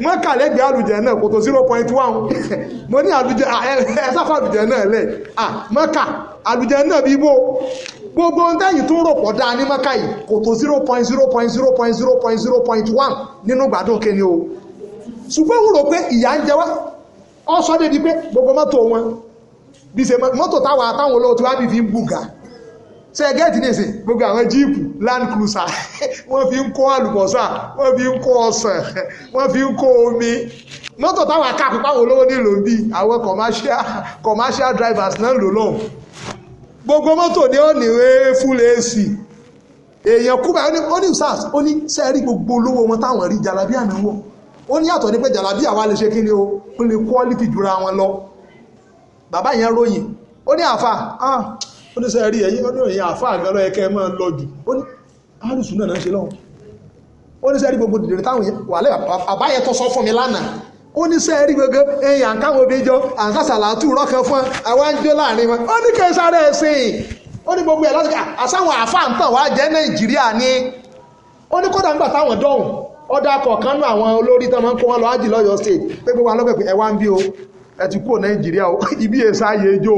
mọ́ kàlẹ́gbẹ̀ẹ́ àlùjánnà kò tó zero point one mo ní ẹ̀sáfà àlùjánnà lẹ̀ mọ́kà àlùjánnà bí bó gbogbo ń tẹ́yìn tó rò pọ̀ dáa ní mọ́kà yìí kò tó zero point zero point zero point zero point zero point one nínú gbàdún kéni o ṣùgbọ́n wúrò pé ìyá ń jẹ wá ọ sọ́dẹ̀ di pé gbogbo mọ́tò wọn bí ṣe mọ́tò táwọn àtàwọn olówó tí wàá bí fi ń bùgà ṣe gẹ́ẹ̀tì ní ìsìn gbogbo àwọn jíìpù land cruiser wọ́n fi ń kó àlùbọ́sà wọ́n fi ń kó ọsàn wọ́n fi ń kó omi mọ́tò táwọn akáàpù páwọn olówó nílò ń bí àwọn commercial commercial drivers náà lò lọ́wọ́ gbogbo mọ́tò ni ó ní full AC èèyàn kúbà ó ní sars ó ní sẹ́ẹ̀rí gbogbo olówó wọn táwọn rí jalabi àná wọ̀ ó ní yàtọ̀ ní pé jalabi àwa lè ṣe kí ni o ó lè quality jura wọn bàbá yẹn ròyìn ó ní àfà ó ní sẹ́ẹ̀rí ẹ̀yìn ó ní òyìn àfà àgbẹ̀lọ́ ẹ̀kẹ́ máa ń lọ jù ó ní àrùsùn náà ṣe lọ́wọ́ ó ní gbogbo táwọn wà bàbá yẹn tó sọ fún gbogbo ẹ̀yìn àǹkáwọn obìnrin jọ rọ́kàn fún àwọn àjọ láàrin wọn ó ní ó ní gbogbo ẹ̀ àsáwọn ń tàn wá jẹ́ nàìjíríà ni ó ní kódà ẹ ti kúrò nàìjíríà o ibi èsà ayé ijó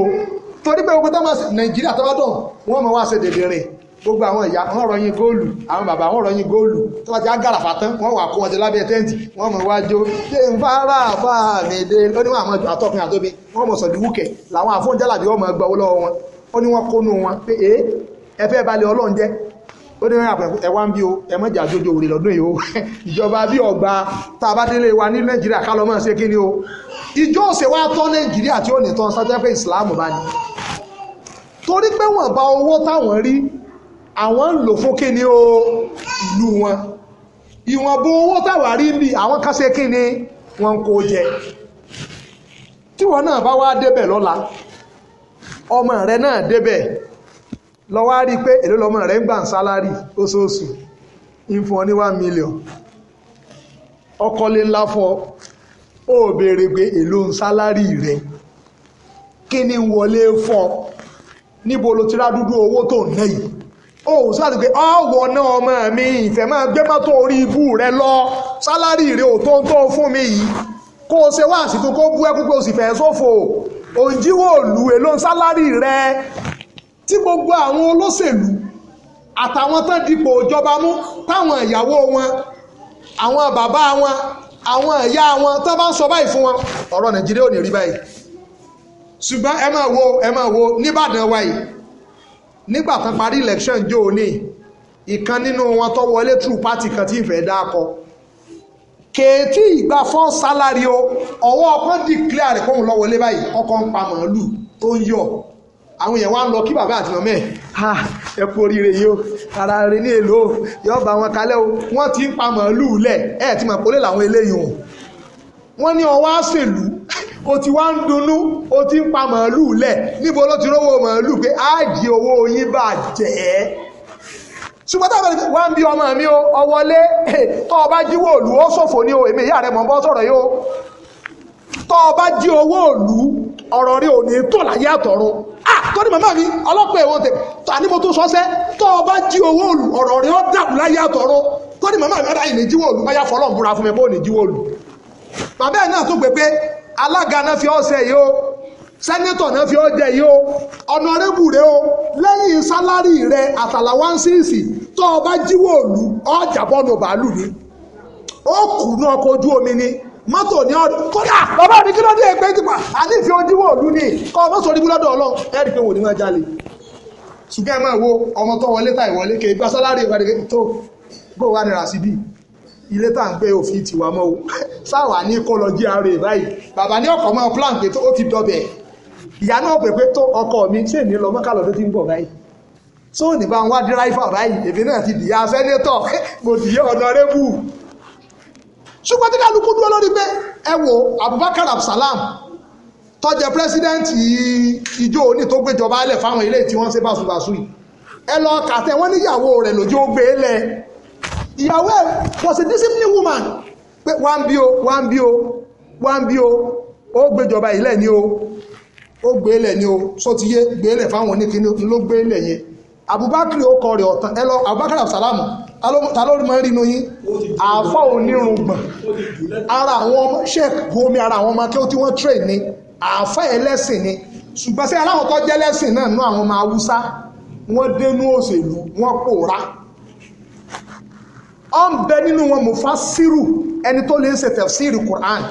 torí pé ogun tó nàìjíríà tó bá dùn wọ́n mọ̀ wá ṣe dèdè rìn gbogbo àwọn ìyá wọn rọyìn góòlù àwọn bàbá wọn rọyìn góòlù tó bá ti agàràfà tán wọn wà kó wọn ti lábẹ́ tẹ́ǹtì wọn mọ̀ wá jó ṣé n fara bá mi dé lóníwọ̀n àwọn àtọkùnrin àtóbi wọn mọ̀ sọ̀dí wúkẹ̀ làwọn àfọ̀njálàbí wọn mọ̀ gbọ́ lọ́wọ́ wọn ó ní wọn kónú wọn pé ẹ fẹ́ balẹ̀ ọlọ́run jẹ́ ó dé mẹ́rin àpẹẹrẹ ẹwà ń bí o ẹ mọ́jà àjòjò òrè lọ́dún yìí o ìjọba bí ọgbà tá a bá délé wa ní nàìjíríà ká lọ́mọ́ ṣe kí ni o ìjọ òsè wa tọ́ nàìjíríà tí ó ní tán sátẹ́fẹ́ ìsìláàmù bá ní torí pé wọ́n bá owó táwọn rí àwọn ń lò fún kí ni o ìlú wọn ìwọ̀nba owó táwa rí ń bí àwọn kan ṣe kí ni wọ́n kó jẹ tíwọ náà bá wá débẹ̀ lọ́la ọmọ rẹ náà débẹ̀ lọ wá rí i pé èló lọmọ rẹ̀ ń gbà ń sálárì oṣooṣù ń ọ ní one million ọkọlé ńlá fọ ó béèrè pé èló ń sálárì rẹ̀ kí ni wọlé fọ níbo ló ti rá dúdú owó tó ń ná yìí ó sáàtì pé ọ̀wọ̀ náà ọmọ mi ìfẹ́ máa gbé mọ́tò orí ibú rẹ lọ sálárì rẹ ò tó ń tó fún mi yìí kó o ṣe wá àsìkò kó bú ẹkú pé o sì fẹ́ sófò òǹjíwò òlù èló ń sálárì rẹ tí gbogbo àwọn olóṣèlú àtàwọn tán dipò ìjọba mú táwọn ìyàwó wọn àwọn bàbá wọn àwọn ìyá wọn tán bá ń sọ báyìí fún wọn ọ̀rọ̀ nàìjíríà ò ní rí báyìí ṣùgbọ́n ẹ máa wo ẹ máa wo nìbàdàn wa yìí nígbà tán parí election jọ òní ìkan nínú wọn tó wọlé through party kan tí ìfẹ́ dá kọ kèétí ìgbà fún sálárì o ọwọ́ ọkàn declare kóun lọ wọlé báyìí ọkọ̀ ń pa màálù tó ń yọ̀ àwọn èèyàn wá ń lọ kí bàbá àti màmá ha ẹ kú oríire yìí o ara rẹ ní èlò o yọ bá wọn kalẹ̀ o wọ́n ti ń pa màálù lẹ̀ ẹ̀ ti mọ̀ kólé làwọn eléyìí o wọ́n ní ọwọ́ àṣèlú o ti wá ń dunnú o ti ń pa màálù lẹ̀ níbo ló ti rówó màálù pé áàjì owó yín bà jẹ́ ṣùgbọ́n táwọn ẹni wá ń bí ọmọ mi o ọwọ́lé tó o bá jíwó òlù ó ṣòfò ní o èmi ìyá rẹ mọ̀ bọ́ sọ̀rọ̀ yìí o tó o bá jí owó òlù ọ̀rọ̀ rí òní tó láyé àtọ̀run àtọ́ni màmá mi ọlọ́pàá èwo tè tani mo tó sọ́sẹ́ tó o bá jí owó òlù ọ̀rọ̀ rí ọ́ dàbù láyé àtọ̀run tọ́ni màmá mi ọ̀dà jíwò òlù báyà búra fún mi bó jíwò òlù. bàbá ẹ̀ náà tó pé alága náà fi yìí o náà fi yìí o o lẹ́yìn o bá jíwò òlù ọ̀jàbọ̀nù bàálù ni ó omi ni mọ́tò ní ọdún kódà bàbá mi kí ló dé pé tipa ànífi ojú wò lú ni kọ́ ọmọ sọ̀rọ̀ ibùdó ọlọ́run ẹ̀rí pé wò ní máa jalè ṣùgbọ́n ẹ máa wo ọmọ tó wọlé tá ìwọlé kè gba sálárì ìwádìí tó gbó wà ní rasidi ilé tá ń gbé òfin tiwa mọ́ o sáwà ní kó lọ jí ara rẹ̀ báyìí bàbá ní ọkọ̀ máa plan pé ó ti dọbẹ̀ ìyá náà pè pé tó ọkọ mi ṣé ní lọ mọ́kàlọ́ tó ti ń bọ̀ báyìí tó ní bá ń wá díráìfà báyìí èmi náà ti dìyà sẹ́nétọ̀ mo ṣùgbọ́n tí kálukú dúró lórí pé ẹ wo Abubakar Absalam tó jẹ́ pírẹsidẹ́ǹtì ìjọ òní tó gbéjọba alẹ̀ fáwọn ilé tí wọ́n ṣe báṣubàṣu yìí ẹ lọ kàtẹ́ wọ́n níyàwó rẹ̀ lójú ó gbé lẹ̀ ìyàwó ẹ̀ was a disciplined woman pé wá ń bí o wá ń bí o wá ń bí o ó gbéjọba ilẹ̀ ni o ó gbé lẹ̀ ni o sọ ti yé gbé lẹ̀ fáwọn oníkíní ló gbé lẹ̀ yẹn abubakar ó kọ rẹ̀ ọ̀tàn ẹ lọ abubakar absalamu ta ló máa ń rí inú yín àáfà onírùngbọ̀n ara àwọn ọmọ sheik gomi ara àwọn ọmọ akẹ́wọ́ tí wọ́n train ni àáfà ẹlẹ́sìn ni ṣùgbọ́n sí aláwọ̀ tó jẹ́ lẹ́sìn náà nú àwọn ọmọ haúsá wọ́n dénú òṣèlú wọ́n pòórá ọ ń bẹ nínú wọn mufasiru ẹni tó lè ṣe tẹ̀síìrì Quran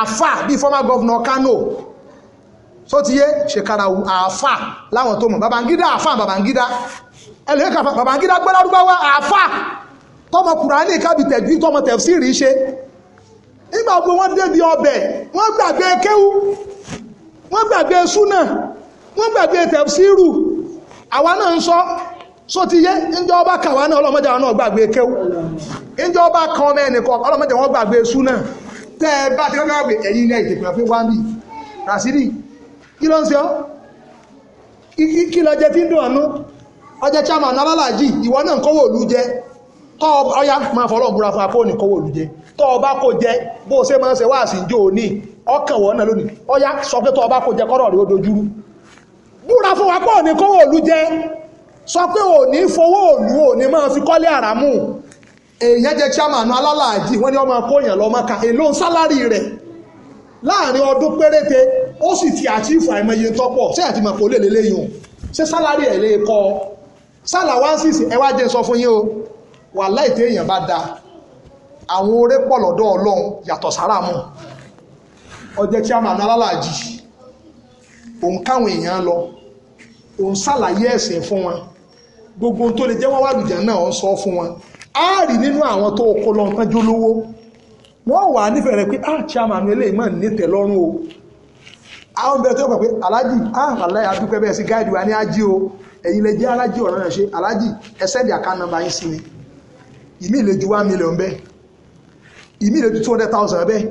àáfà bíi former governor Kano sótìyé ṣèkàràwù àáfà láwọn tó mọ̀ babangida àáfà babangida ẹlẹ́yìn kan babangida gbọ́ lárúbáwá àáfà tọmọ kùránì kábi tẹ̀jú tọmọ tẹ̀fsíìrì ṣe nígbà gbogbo wọn débi ọbẹ̀ wọn gbàgbé kéwú wọn gbàgbé súnà wọn gbàgbé tẹ̀fsíìrù àwa náà ń sọ sótìyé ńjọ́ ọba kàwa náà ọlọ́mọdé àwọn náà gbàgbé kéwú ńjọ́ ọba kan ọmọ ẹnìkan ọlọ́mọdé wọn gbàgbé súnà tẹ́ ẹ bá ti gbàgbé ẹ̀yin náà ìtẹ̀pẹ̀ fún wa ń bì kí ló ń ṣe kí lọ jẹ tí ń dùn ọ̀nú ọjẹ́ chairman ìwọ náà òlú jẹ ọya máa fọ́lọ́ búra fún apóòní òlú jẹ ọba kó jẹ bó ṣe máa ń ṣe wá sí jò ní ọya sọ pé tọ́ ọba kó jẹ kọ́rọ̀ rí búra fún sọ pé fowó òlú máa fi àràmù èèyàn jẹ chairman ọmọ akóyàn ka sálárì láàrin ọdún ó sì ti àchífù àìmọye tọ́pọ̀ ṣé àti mọ̀ kó lè lélẹ́ yìí o ṣé sálárì ẹ̀ lè kọ́ sálàwánsìsì ẹ wá jẹ́ sọ fún yín o wàláhì tí èèyàn bá da àwọn oré pọ̀ lọ́dọ̀ ọlọ́run yàtọ̀ sára mọ́ ọjọ́ chairman alálàájì òun káwọn èèyàn lọ òun ṣàlàyé ẹ̀sìn fún wọn gbogbo tó lè jẹ́ wọ́n wà lùjẹ́ náà ń sọ fún wọn á rí nínú àwọn tó kó lọ tán jólówó wọ́n wà nífẹ̀ẹ́ rẹ̀ pé ah chairman eléyìí mọ̀ nítẹ̀ lọ́rùn o àwọn bẹ̀rẹ̀ tó yọ̀ pé alájì aláì ah, adúpẹ́ bẹ́ẹ̀ sí gáàdì wa ní ájí o ẹ̀yin lè jẹ́ alájì ọ̀rọ̀ náà ṣe alájì ẹsẹ̀ ní àká sí ni ìmí lè ju one million bẹ́ẹ̀ ìmí lè ju two thousand bẹ́ẹ̀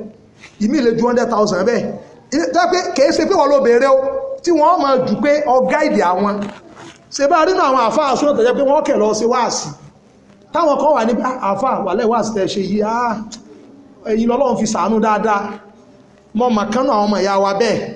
ìmí lè ju one thousand bẹ́ẹ̀ tó yẹ pé kèé ṣe pé wọ́n ló béèrè o tí wọ́n máa jù pé ọ gáàdì àwọn ṣe bá rí náà àwọn àfáà sọ́nà tó yẹ pé wọ́n kẹ̀ lọ sí wáàsì táwọn kan wà ní ah, àfáà wàlẹ́ wáàsì tẹ̀ ṣe yìí ah, ẹ̀yin lọ́lọ́run fi ṣàánú dáadáa mọ́ màkánú àwọn ọmọ ìyá wa bẹ́ẹ̀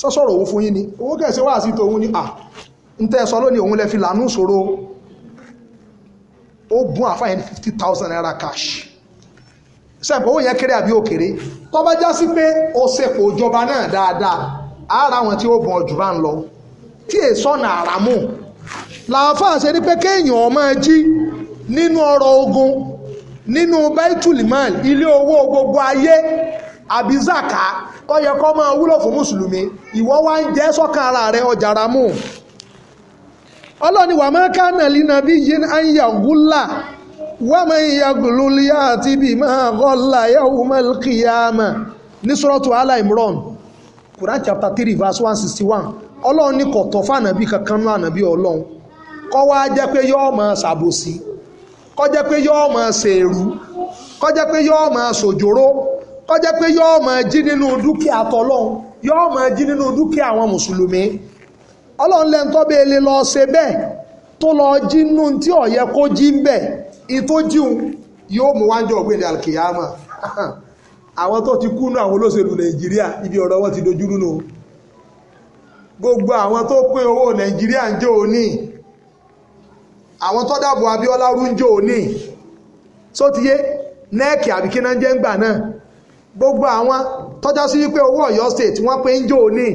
sọ́sọ̀rọ̀ òun fún yín ni owó kẹsí wà sí tòun ni à ń tẹ́ sọ lónìí òun lẹ fi lànú ìṣòro ó bún àfáyẹn fifty thousand naira cash sẹ́pọ̀ owó yẹn kéré àbí òkèrè tó bá já sí pé ó sepò ìjọba náà dáadáa ara wọn tí ó bùn ọjù bá ń lọ tí èso ọ̀nà àràmù làáfàá ṣe ni pé kéèyàn ọmọ jí nínú ọrọ̀ ogun nínú bẹ́tùlìmọ́ọ̀lì ilé owó gbogbo ayé àbí zaka tó yẹ kó máa wúlò fún mùsùlùmí ìwọ wá ń jẹ́ ara rẹ ọjà mú ọlọ́ni wà máa ká nàlí nàbí yín á ń yàgúlà wà máa ń yàgùlù líyà àti bí máa gọ́là yàwó mẹ́lìkìyàmà ní sọ́rọ́tù aláìmọ́rán Quran chapter 3 verse 161 sixty one ọlọ́run ní kọ̀tọ̀ kankan ànàbí ọlọ́run kọ́ wá jẹ́ ó pé yóò máa jí nínú dúkìá tọ́lọ́hún yóò máa jí nínú dúkìá àwọn mùsùlùmí ọlọ́run lẹ́nu tó bẹ́ẹ̀ lè lọ ṣe bẹ́ẹ̀ tó lọ jí nínú tí ọ̀yẹ́ yẹ kó jí ń bẹ̀ ìtó jíun yóò mú wájú ọ̀gbìn alkiyama àwọn tó ti kú nù àwọn olóṣèlú nàìjíríà ibi ọ̀rọ̀ wọn ti dojú rú nù gbogbo àwọn tó pé owó nàìjíríà ń jẹ́ òní àwọn tó dáàbò abiola rú ń jẹ́ òní sótìyé nẹ́ẹ̀kì àbíkí náà jẹ́ ń náà gbogbo àwọn tọ́já sí wípé owó Ọ̀yọ́ state wọ́n pé ń jò ní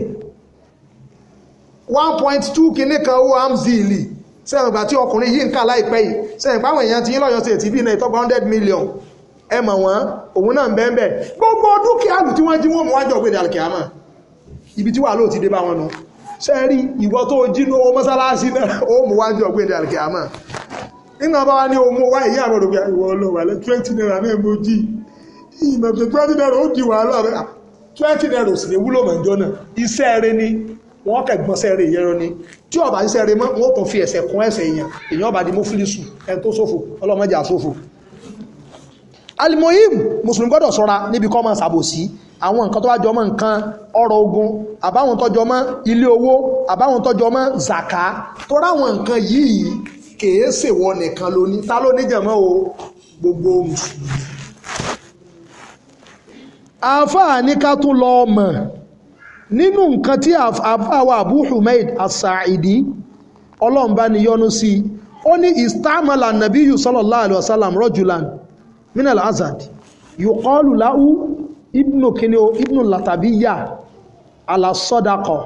one kìíní kan owó amzili sẹ́yìn ìgbà tí ọkùnrin yìí ń kà láìpẹ́ yìí sẹ́yìn ìpáwọn èèyàn ti yín lọ́yọ́ state ibi náà ìtọ́gbọ́n hundred million ẹ mọ̀ wọ́n òun gbogbo dúkìá lù tí wọ́n jí wọ́n mú wájọ ògbèdè ibi tí wà lóò ti dé bá wọn nu ṣe ìwọ tó jí ní owó mọ́sálásí náà ó mú mú wá ìmọ̀tò twenty naira ó di wàhálà rẹ̀ ah, twenty naira ò sì ní wúlò mọ̀jọ́ náà iṣẹ́ rẹ ni wọ́n kẹ̀gbọ́n sẹ́ẹ̀rẹ̀ ìyẹn ni tí ọba iṣẹ́ rẹ mọ́ wọn kàn fi ẹ̀sẹ̀ kún ẹ̀sẹ̀ èèyàn èèyàn ọba di mọ́fílísù ẹni tó ṣòfò ọlọ́mọdé àṣòfò. alimoyim mùsùlùmí gbọ́dọ̀ ṣọ́ra níbi kọ́ máa ṣàbòsí àwọn nǹkan tó bá jọmọ́ nǹkan ọrọ̀ ogun àbáwọn tó jọmọ́ ilé owó àbáwọn tó jọmọ́ zaka tó ráwọn nǹkan yìí kèé ṣèwọ nìkan lóní ta ló níjẹ̀mọ́ o gbogbo mùsùlùmí àáfàá ní ká tún lọ mọ̀ nínú nǹkan tí àáfàá wa Abu Humaid As-Sa'idi ọlọ́run bá ní yọ́nú sí i ó ní istamala nabiyu sallallahu alaihi wasallam rajulan minal azad yuqalu lahu ibnu kini o ibnu latabiya ala sadaqa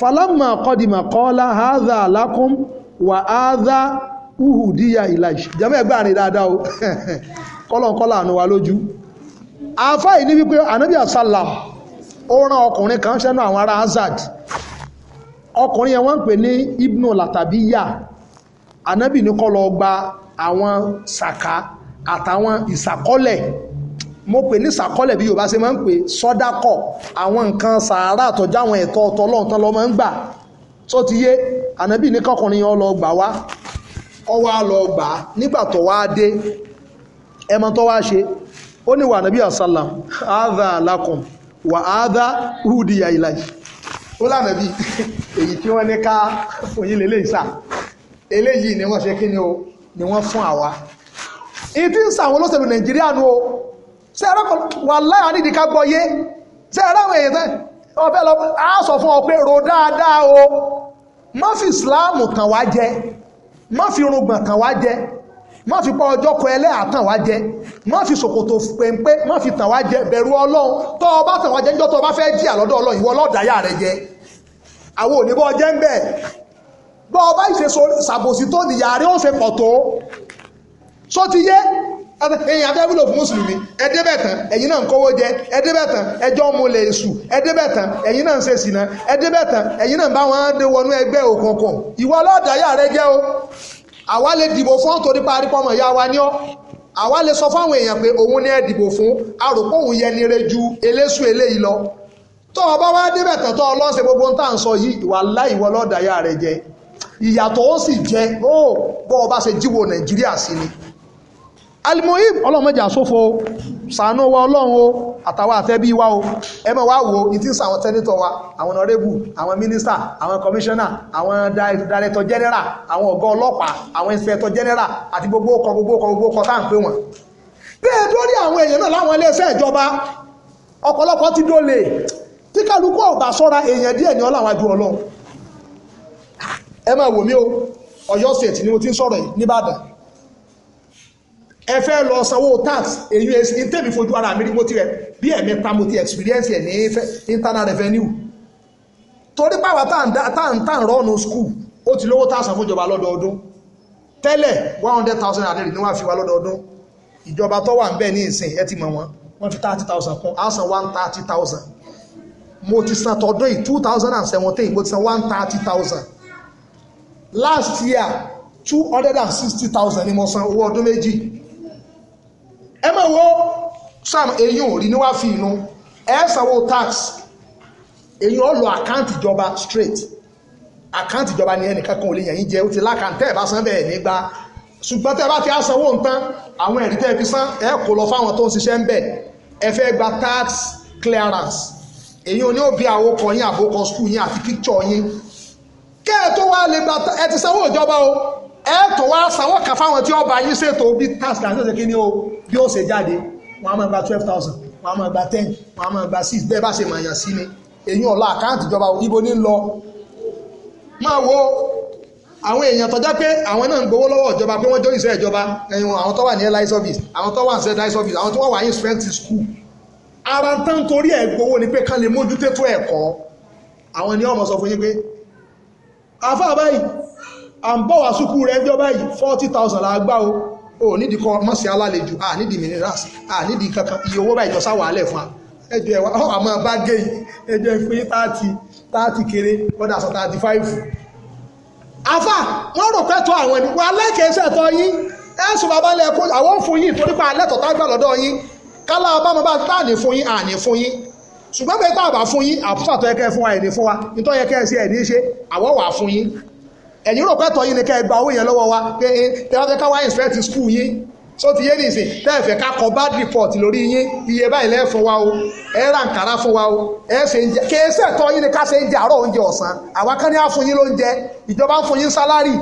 falamma qadima qala hadha lakum wa hadha uhudiya ilayi jẹ́mọ́ ẹgbẹ́ dáadáa o kọ́lọ̀kọ́lọ̀ àánú wa lójú àáfà yìí ní wípé anabi asalam ó rán ọkùnrin kan sẹ́nu àwọn ará azad ọkùnrin yẹn wọ́n pè ní ibnu latabiya anabi ní kó lọ gba àwọn sàká àtàwọn ìsàkọ́lẹ̀ mo pè ní ìsàkọ́lẹ̀ bí yorùbá ṣe máa ń pè sọ́dákọ̀ àwọn nǹkan sàárà àtọ́jú àwọn ẹ̀tọ́ ọ̀tọ́ ọlọ́run tán lọ máa ń gbà tó ti yé anabi ní kọkùnrin yẹn lọ gbà wá ó wá lọ gbà nígbà tó wá dé ẹmọ tó wá ṣe ó ní wà nàbí àsálàm áádá alákọ̀m wà áádá húdì àìláì ó lànàbí èyí tí wọ́n ní ká fún yín lélẹ́yìí sá eléyìí ni wọ́n ṣe kí ni wọ́n fún àwa èyí tí ń sàwọn olóṣèlú nàìjíríà nu o ṣe ẹ̀rọ kan wà láyà nídìí ká gbọ́ yé ṣe ẹ̀rọ àwọn èèyàn ọbẹ̀ lọ á sọ fún ọ pé ro dáadáa o má fi ìsìláàmù wá jẹ má fi irùngbọ̀n wá jẹ má fi pọ́ ọjọ́ kọ ẹlẹ́à tàn wá jẹ má fi ṣòkòtò pẹ́ńpẹ́ má fi tàn wá jẹ bẹ̀rù ọlọ́run tó o bá tàn wá jẹ níjọ́ tó o bá fẹ́ jìyà lọ́dọ̀ ọlọ́run ìwọ ọlọ́dàáyà rẹ jẹ àwọn òníbọ̀ jẹ́ ń bẹ̀ bọ́ ọba ìṣe ṣàbòsí tó nìyà rẹ ó ṣe pọ̀ tó só ti yé ẹ̀yin afẹ́ wúlò fún mùsùlùmí ẹ̀dẹ́bẹ̀tàn ẹ̀yin náà ń kówó jẹ ẹ̀dẹ́bẹ̀tàn ẹjọ́ ń múlẹ̀ èṣù ẹ̀dẹ́bẹ̀tàn ẹ̀yin náà ń ṣe sìnà ẹ̀dẹ́bẹ̀tàn ẹ̀yin náà ń bá wọn dé wọnú ẹgbẹ́ òkùnkùn ìwọ ọlọ́dàáyà rẹ jẹ́ o àwa lè dìbò fún ọ̀tò nípa àríkọ́mọ̀ ìyá wa ní ọ́ àwa lè sọ fáwọn èèyàn pé òun ní ẹ dìbò fún aròpọ̀ òun yẹni re ju eléṣù eléyìí lọ tó o bá wá débẹ̀ tán tó ọlọ́sẹ̀ gbogbo ń tà ń sọ yìí ìwà láì wọ lọ́dàá yà rẹ̀ jẹ ìyàtọ̀ ó sì jẹ ó bọ́ ọ ṣe jíwo Nàìjíríà sí ni alimoyim ọlọ́mọjà sófo sànú wa ọlọ́run o àtàwọn àfẹ́bí wa o ẹ máa wá wo ìtí ń sàwọn tẹ́nítọ̀ wa àwọn ọ̀rẹ́bù àwọn mínísítà àwọn kọmíṣánná àwọn dàrẹ́tọ̀ jẹ́nẹ́rà àwọn ọ̀gá ọlọ́pàá àwọn ìṣẹ̀tọ̀ jẹ́nẹ́rà àti gbogbo ọkọ̀ gbogbo ọkọ̀ gbogbo ọkọ̀ tá wọn bẹ́ẹ̀ lórí àwọn èèyàn náà láwọn iléeṣẹ́ ìjọba ọ̀pọ̀lọpọ̀ ti dólè tí kálukú ọ̀bà sọ́ra èèyàn díẹ̀ ni ọlọ́run o ti ń sọ̀rọ̀ yìí ẹ fẹ́ lọ sanwó tax èyí ẹ tẹ̀mí fojú ara mi rí mo ti rẹ bí ẹ̀mí pa mo ti experience ẹ̀ ní internal revenue torí pàwọ́ tá à ń rọ́ọ̀nù school ó ti lówó tàṣà fún ìjọba lọ́dọọdún tẹ́lẹ̀ 100,000 àdẹ́rì ní wọ́n fi wá lọ́dọọdún ìjọba tó wà ń bẹ̀ ní ìsìn ẹ ti mọ̀ wọn wọ́n fi 30,000 kún àṣà 130,000 mo ti san tọdún yìí 2017 mo ti san thousand. last year two hundred 260,000 ni mo san owó ọdún méjì ẹ mọ̀ wo sam eyín ò rí ní wàá fi inú ẹ sanwó tax èyí ó lọ àkáǹtì ìjọba straight àkáǹtì ìjọba ni ẹnìkan kan ò lè yẹ̀yìn jẹ ó ti lákàntẹ́ ẹ̀ bá san bẹ́ẹ̀ nígbà ṣùgbọ́n tẹ́ bá ti sanwó nǹkan àwọn ẹ̀rí tẹ́ fi san ẹ kò lọ fáwọn tó ń ṣiṣẹ́ ń bẹ̀ ẹ fẹ́ gba tax clearance èyí ò ní òbí àwòkọ yín àbòkọ skul yín àti píkṣọ yín kẹ́ ẹ tó wá lè gba ẹ ti sanwó ìjọba o ẹ tó wá sanwó kan fáwọn tí ọba yín ṣètò bí tax kan ṣe kí ni o bí ó ṣe jáde wọn a máa gba twelve thousand wọn a máa gba ten wọn a máa gba six bẹ́ẹ̀ bá ṣe máa yàn sí ni èyí ọ̀la àkáǹtì ìjọba ibo ní lọ máa wo àwọn èèyàn tó jẹ́ pé àwọn náà ń gbowó lọ́wọ́ ìjọba pé wọ́n jó ìṣe ìjọba ẹ̀yìn àwọn tó wà ní airline service àwọn tó wà ní airline service àwọn tó wà ní strength school ara tán torí ẹ̀ gbowó ni pé kán lè mójútó ètò ẹ̀kọ́ àwọn ni ọmọ sọ fún yín pé àfáà báyìí à ń bọ̀ wá sùkú rẹ̀ ẹjọ́ báyìí forty thousand la gbá o ò nídìí kọ́ mọ̀ sí alálejò à nídìí minerals à nídìí kankan iye owó báyìí jọ sáwà alẹ̀ fún wa ẹjọ́ ẹ̀wà ọ̀ àmọ́ bá gé yìí ẹjọ́ ìfún yín táàtì táàtì kéré ọ̀dà sọ táàtì fáìfù. afa wọn rò pẹ́ tọ́ àwọn ẹni wọn aláìkẹ́sẹ̀ tọ́ yín ẹ̀sùn bàbá lẹ kó àwọn fún yín torí pé alẹ́ tọ̀tà gbà lọ́dọ̀ yín kálá bá máa bá tá àní fún yín àní fún yín ṣùgbọ́n pé tá àbá fún yín àbúfà tó yẹ kẹ́ fún wa ẹ̀ní fún wa nítorí yẹ kẹ́ ẹ sí ẹ̀ní ṣe ẹ̀yin rò pẹ́tọ̀ yìí ni kẹ́ ẹ gba owó yẹn lọ́wọ́ wa pé eh, tẹ́wọ́ fẹ́ ká wá inspect school yín so ti yé nìsín tẹ́ẹ̀fẹ́ ká kọ bad report lórí yín iye báyìí lẹ́ẹ̀fún wa o ẹ ra nkàrà fún wa o ẹ ṣe ń jẹ kéésẹ̀ tọ́ yín ni ká ṣe ń jẹ àárọ̀ oúnjẹ ọ̀sán àwa kan ní á fún yín lóúnjẹ ìjọba ń fún yín sálárì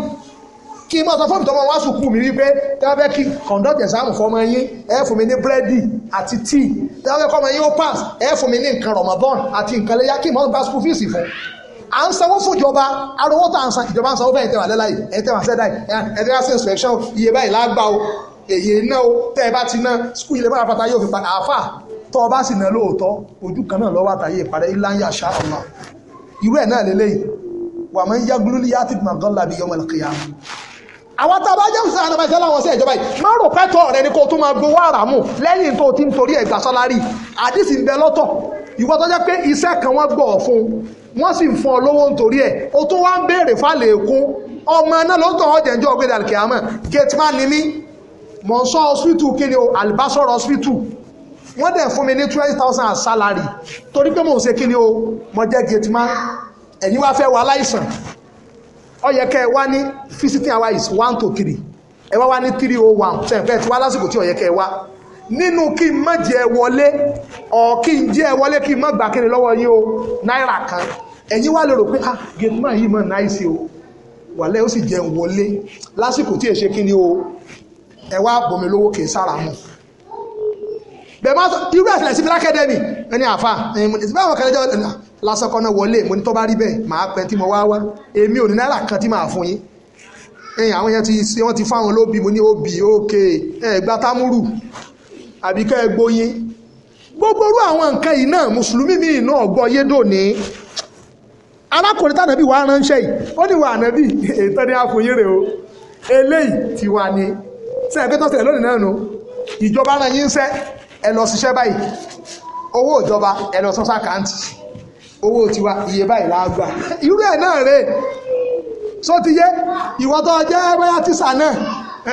kí mọ́tò fún ìtọ́mọ wá sùkú mi wípé tẹ́wọ́fẹ́ kí conduct exam fọmọ yín ẹ fún mi ní búrẹ́dì àti tíì tẹ́wọ́fẹ́ kọ́mọ yín ó pass ẹ fún mi ní nǹkan rọ̀mọ́bọ́n àti nǹkan lẹ́yà kí mọ́tò pass. school fees fún à ń sanwó fún ìjọba arówó tá à ń san ìjọba ń sanwó bẹ́ẹ̀ tẹ̀wà lẹ́láyì ẹ̀ tẹ̀wà sẹ́dá ẹ̀ tẹ̀wà sí inspection iye báyìí lágbà o èyí iná o tẹ́ ẹ bá ti ná skul ilé bára pátá yóò fi padà àáfà tọ́ ọ bá sì ná lóòótọ́ ojú kan náà lọ́wọ́ àtàyè ìpàdé ilá ń yà ṣá ọ̀la irú ẹ̀ náà lélẹ́yìn wà máa ń yá gúlúlì yá tìtìmọ̀ gan làbí yọmọ ìkìyà àwọn tá a bá jẹ́ òṣìṣẹ́ àwọn ọmọọṣẹ́ láwọn ọṣẹ́ ìjọba yìí má rò pẹ́tọ̀ rẹ ni kó o tún máa gbowó àràmù lẹ́yìn tó o ti ń torí ẹ̀gbà sọ́lárì àdìsí ń bẹ lọ́tọ̀ ìwọ tó jẹ́ pé iṣẹ́ kan wọ́n gbọ̀ fún wọ́n sì ń fún ọ lówó ẹ̀ o wá ń ọmọ náà ló ń ọ́ jẹ́njọ́ ọ̀gbẹ́dẹ àlùkìyàmọ̀ gate man ni mí mò o wọ́n dẹ̀ fún ní twenty thousand salary torí pé mò ń o mo jẹ́ ẹ̀yin wá fẹ́ wà láìsàn ẹ wá ní hours to three ẹ wá wá ní three oh one ti wá lásìkò tí kẹ́ ẹ nínú kí n má jẹ́ wọlé ọ̀ kí n jẹ́ wọlé kí má gbà ẹ̀yin wá lérò pé ah gate man yìí mọ̀ náìsí o wàlẹ́ ó sì jẹun wọlé lásìkò tí èṣe kí ni o ẹ wá bomi lówó kì í sára mu bẹ́ẹ̀ máa sọ irú ẹ̀sìn ẹ̀sìn lákẹ́dẹ́ ni ẹni àfa ìsìnkú àwọn kẹlẹ́jọ́ lásán kan náà wọlé mo ní tọ́ bá rí bẹ́ẹ̀ máa pẹ́ tí mo wá wá èmi ò ní náírà kan tí máa fún yín ẹ̀yìn àwọn yẹn ti ṣe wọ́n ti fáwọn lóbi mo ní òbí òkè ẹ̀gbá támúrù àbíkẹ́ ẹgbóyin gbogbo orú àwọn nǹkan yìí náà mùsùlùmí mi náà gbọ́ yédò ní alákùnrin tànàbí wà ránṣẹ́ yìí ó ní wà ànàbí ètò ní àfòyín rẹ̀ o eléyìí ti wà ní sẹ́yìn pé tọ́sílẹ̀ lónìí náà nù ìjọba náà yín sẹ́ ẹ lọ ṣiṣẹ́ báyìí owó ìjọba ẹ lọ sọ́sà kàǹtì owó tiwa iye báyìí láàgbà irú ẹ̀ náà rèé só ti yé ìwọ tó jẹ́ bóyá tíṣà náà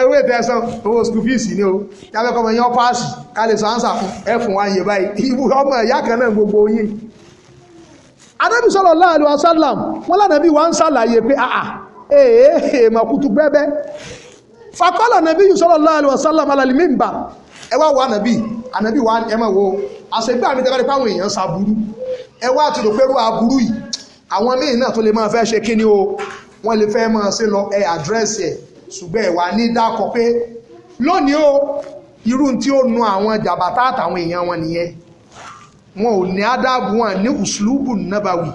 ẹwé tẹsán owó school fees ni o yàgbẹ́kọ̀ọ́ mọ̀ yín ọ́ páàsì ká lè sọ ánsà fún ẹ fún wa iye báyìí ọmọ ìyá kan náà gbogbo yín anábì sallallahu alaihi wasallam wọ́n lánàbí wọ́n ń sàlàyé pé àà èèyàn mọ̀kútù gbẹ́bẹ́ fàkọ́lá nàbí sallallahu alaihi wasallam alàlìmíǹbà ẹwà wà nàbí ànàbí wà ẹmọ̀ wo àṣẹgbẹ́ àmì tẹ́lẹ̀ pàwọn èèyàn sàbúrú ẹwà àti ìdòpẹ́rú àbúrú yìí àwọn míì náà tó lè máa fẹ́ ṣe kí ni o wọ́n lè fẹ́ máa ṣe lọ ẹ àdírẹ́sì ẹ̀ ṣùgbọ́n ẹ̀wà ní dákọ̀ pé lónìí o irú tí ó nu àwọn jàbátá àtàwọn èèyàn wọn nìyẹn wọn ò ní adáàbò wọn ní ùsùlùbù nàbàwì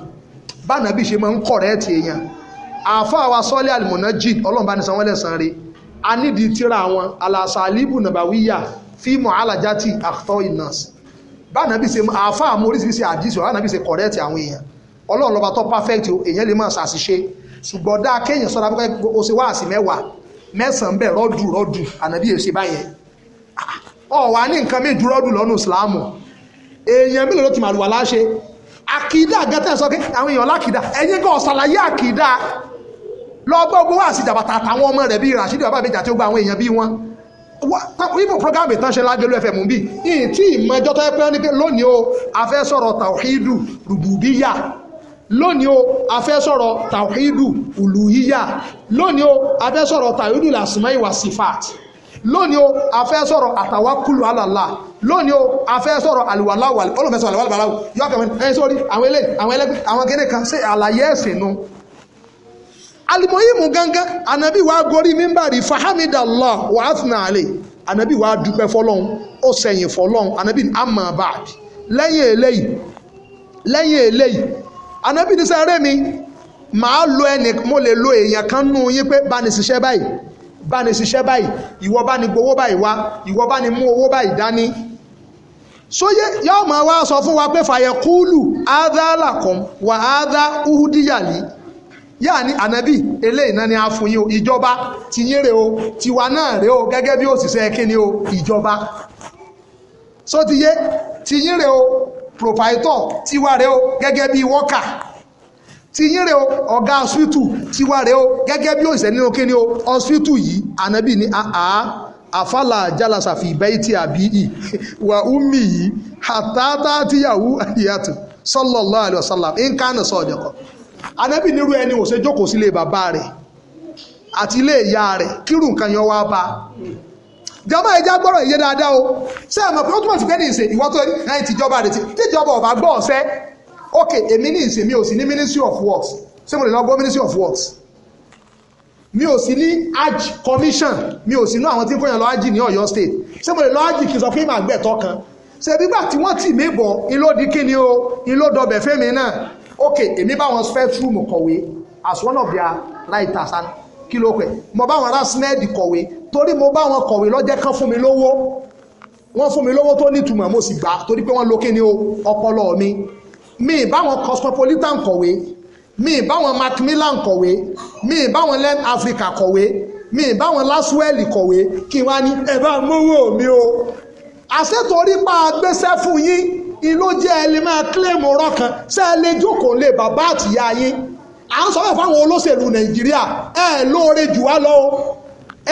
bánàbí ṣe máa ń kọ̀rẹ́ẹ̀tì èèyàn àáfàá wa sọ́lé àlùmọ̀nà jì ọlọ́mọba ní sanwó lẹ́sàn re a nídìí tíra wọn alàṣà àlìbù nàbàwíyà fíìmù alájátì àtọ́ ìnàṣì bánàbí ṣe àáfàá mú oríṣiríṣi àdìsí ọ̀rọ̀ bánàbí ṣe kọ̀rẹ́ẹ̀tì àwọn èèyàn ọlọ́run lọ́ba tó perfect èèyàn lè máa ṣàṣìṣe ṣùgbọ́n dáa kéèyàn sọ́ra pé o ṣe wáàsí mẹ́wàá mẹ́sàn èèyàn mélòó ló ti màlúwà láṣẹ àkìdá gẹ́tẹ́ sọ pé àwọn èèyàn lákìdá ẹ̀yin kan ṣàlàyé àkìdá lọ́gbọ́gbọ́ wà sí ìjàmbá tàtàwọn ọmọ rẹ̀ bíi Rashidi bàbá àbíjà tí ó gba àwọn èèyàn bíi wọn wíwò programme tán ṣe lágbèlú fm bí i tí ìmọ̀jọ́ tó yẹ pé wọ́n lónìí o a fẹ́ sọ̀rọ̀ tàwíìdù rùbùbíyà lónìí o a fẹ́ sọ̀rọ̀ tàwíìdù ùlùhíyà lónìí o a fẹ́ sọ̀rọ̀ tàwíìdù làsùmáì wà lónìí o a fẹ́ sọ̀rọ̀ àtàwákùlù alàlá lónìí o a fẹ́ sọ̀rọ̀ àlùwàláwàlì olùfẹ́ sọ̀rọ̀ àlùwàláwàlì yọ kẹmẹ ẹyin sórí àwọn ilé àwọn ẹlẹgbẹ àwọn kéde kan ṣe àlàyé ẹ̀sìn nu. alimoyimu gangan anabi wa gorí mímbàrí fahamidallah wa athna ale anabi wa dúpẹ́ fọlọ́hún ó sẹ̀yìn fọlọ́hún anabi amma baad lẹ́yìn eléyìí lẹ́yìn eléyìí anabi ní sẹ́rẹ́ mi màá lo ẹnì mo lè lo èèyàn kan nù yín pé bá ní ṣiṣẹ́ báyìí bá ní ṣiṣẹ́ báyìí ìwọ bá ní gbowó báyìí wá ìwọ bá ní mú owó báyìí dání sóyè yóò máa wá sọ fún wa pé fàyẹ kúlù ádá làkàn wà ádá uhudiyàlì yáà ní ànábì eléyìí náà ni a fún yín o ìjọba ti yín rè o tiwa náà rè o gẹ́gẹ́ bí òṣìṣẹ́ kíni o ìjọba sótìyé ti rè o proprietor tiwa rè o gẹ́gẹ́ bí wọ́kà tinyere ọga o ọ̀gá ọ̀sìtù o gẹ́gẹ́ bí òṣìṣẹ́ o ọ̀sìtù yi ànábì ni àá afala jálásà fi ìbẹ́ tí àbí ì wà úmì yìí àtàtà tíyàwó sallallahu alaihi wasallam nkánà sọ̀dọ̀kọ̀ ànábì nírú ẹni ó ṣe jókòó sílé bàbá rẹ̀ àti ilé ìyá rẹ̀ kírù nǹkan yọ wá jọba ẹja o pé ní ẹni ok èmi ní ìsìn ò sí ní ministry of works ṣé mo lè lọ gbọ́ ministry of works mi ò sí ní hajj commission mi ò sí ní àwọn tí kò yàn lọ hajj ní Ọ̀yọ́ state ṣé mo lè lọ hajj kì í sọ pé màá gbẹ̀tọ́ kan ṣe bí gbà tí wọ́n tì mí bọ̀ ìlódì kí ni o ìlódọ̀bẹ̀ fẹ́mi náà ok èmi bá wọn spectrum kọ̀wé as one of their writers and kí ló pẹ̀ mo bá wọn rasmed kọ̀wé torí mo bá wọn kọ̀wé lọ́jẹ́ kan fún mi lówó wọ́n fún mi lówó tó nítumọ̀ mo sì gbà torí pé wọ́n lo kí o ọpọlọ mi mi ìbáwọn cosmopolitan kọ̀wé mi ìbáwọn macmillan kọ̀wé mi ìbáwọn len africa kọ̀wé mi ìbáwọn laswell kọ̀wé kí wá ní ẹ bá mówó mi o àṣetorí pa agbésẹ́ fún yín ìlú jẹ́ ẹ lè máa kílẹ̀mù ọ̀rọ̀ kan ṣé ẹ lè jókòó lè bàbá àtìyá yín à ń sọ fáwọn olóṣèlú nàìjíríà ẹ lóore jù wá lọ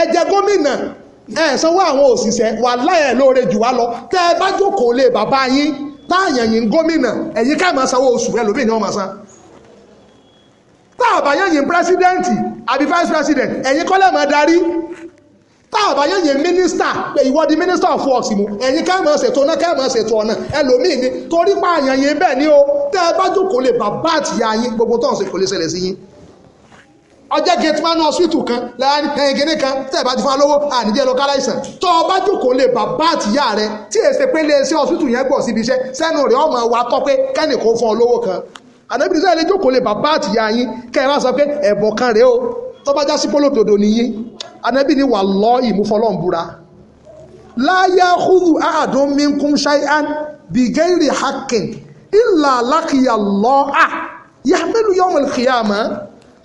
ẹ jẹ gómìnà ẹ sanwó àwọn òṣìṣẹ́ wàhálà ẹ lóore jù wá lọ tẹ ẹ bá jókòó lè bàbá yín táàyàn yìí gómìnà ẹ̀yìn ká máa sanwó oṣù ẹlòmíì ni wọ́n máa san táàbà yẹn yìí pírẹsidẹ́ǹtì àbí vice president ẹ̀yìn kọ́lẹ̀ máa darí táàbà yẹn yìí mínísítà ìwọ di minister of works mu ẹ̀yìn ká máa ṣètò ọ̀nà ká máa ṣètò ọ̀nà ẹlòmíì ni torí pààyàn bẹ́ẹ̀ ni o tẹ́ ẹ bá jókòó lè bàbá àtìyá yín gbogbo tó ń ṣe kò lè ṣẹlẹ̀ sí yín ọjọ́ gate man hospital kan láàrin ẹ̀yìnkìnní kan tẹ̀ bá ti fún alówó àníjẹ́ lọ káláìsàn tó o bá jókòó lè bàbá àtìyá rẹ tí èsè pé lè ṣe hospital yẹn gbọ̀ síbi iṣẹ́ sẹ́nu rẹ̀ ọmọ wa tọ́ pé kẹ́nì kò fún olówó kan ànábìrì sẹ́yìn lè jókòó lè bàbá àtìyá yín kẹ́ ẹ má sọ pé ẹ̀bọ̀ kan rèé o tó bá já sí pólódodo nìyí ànábì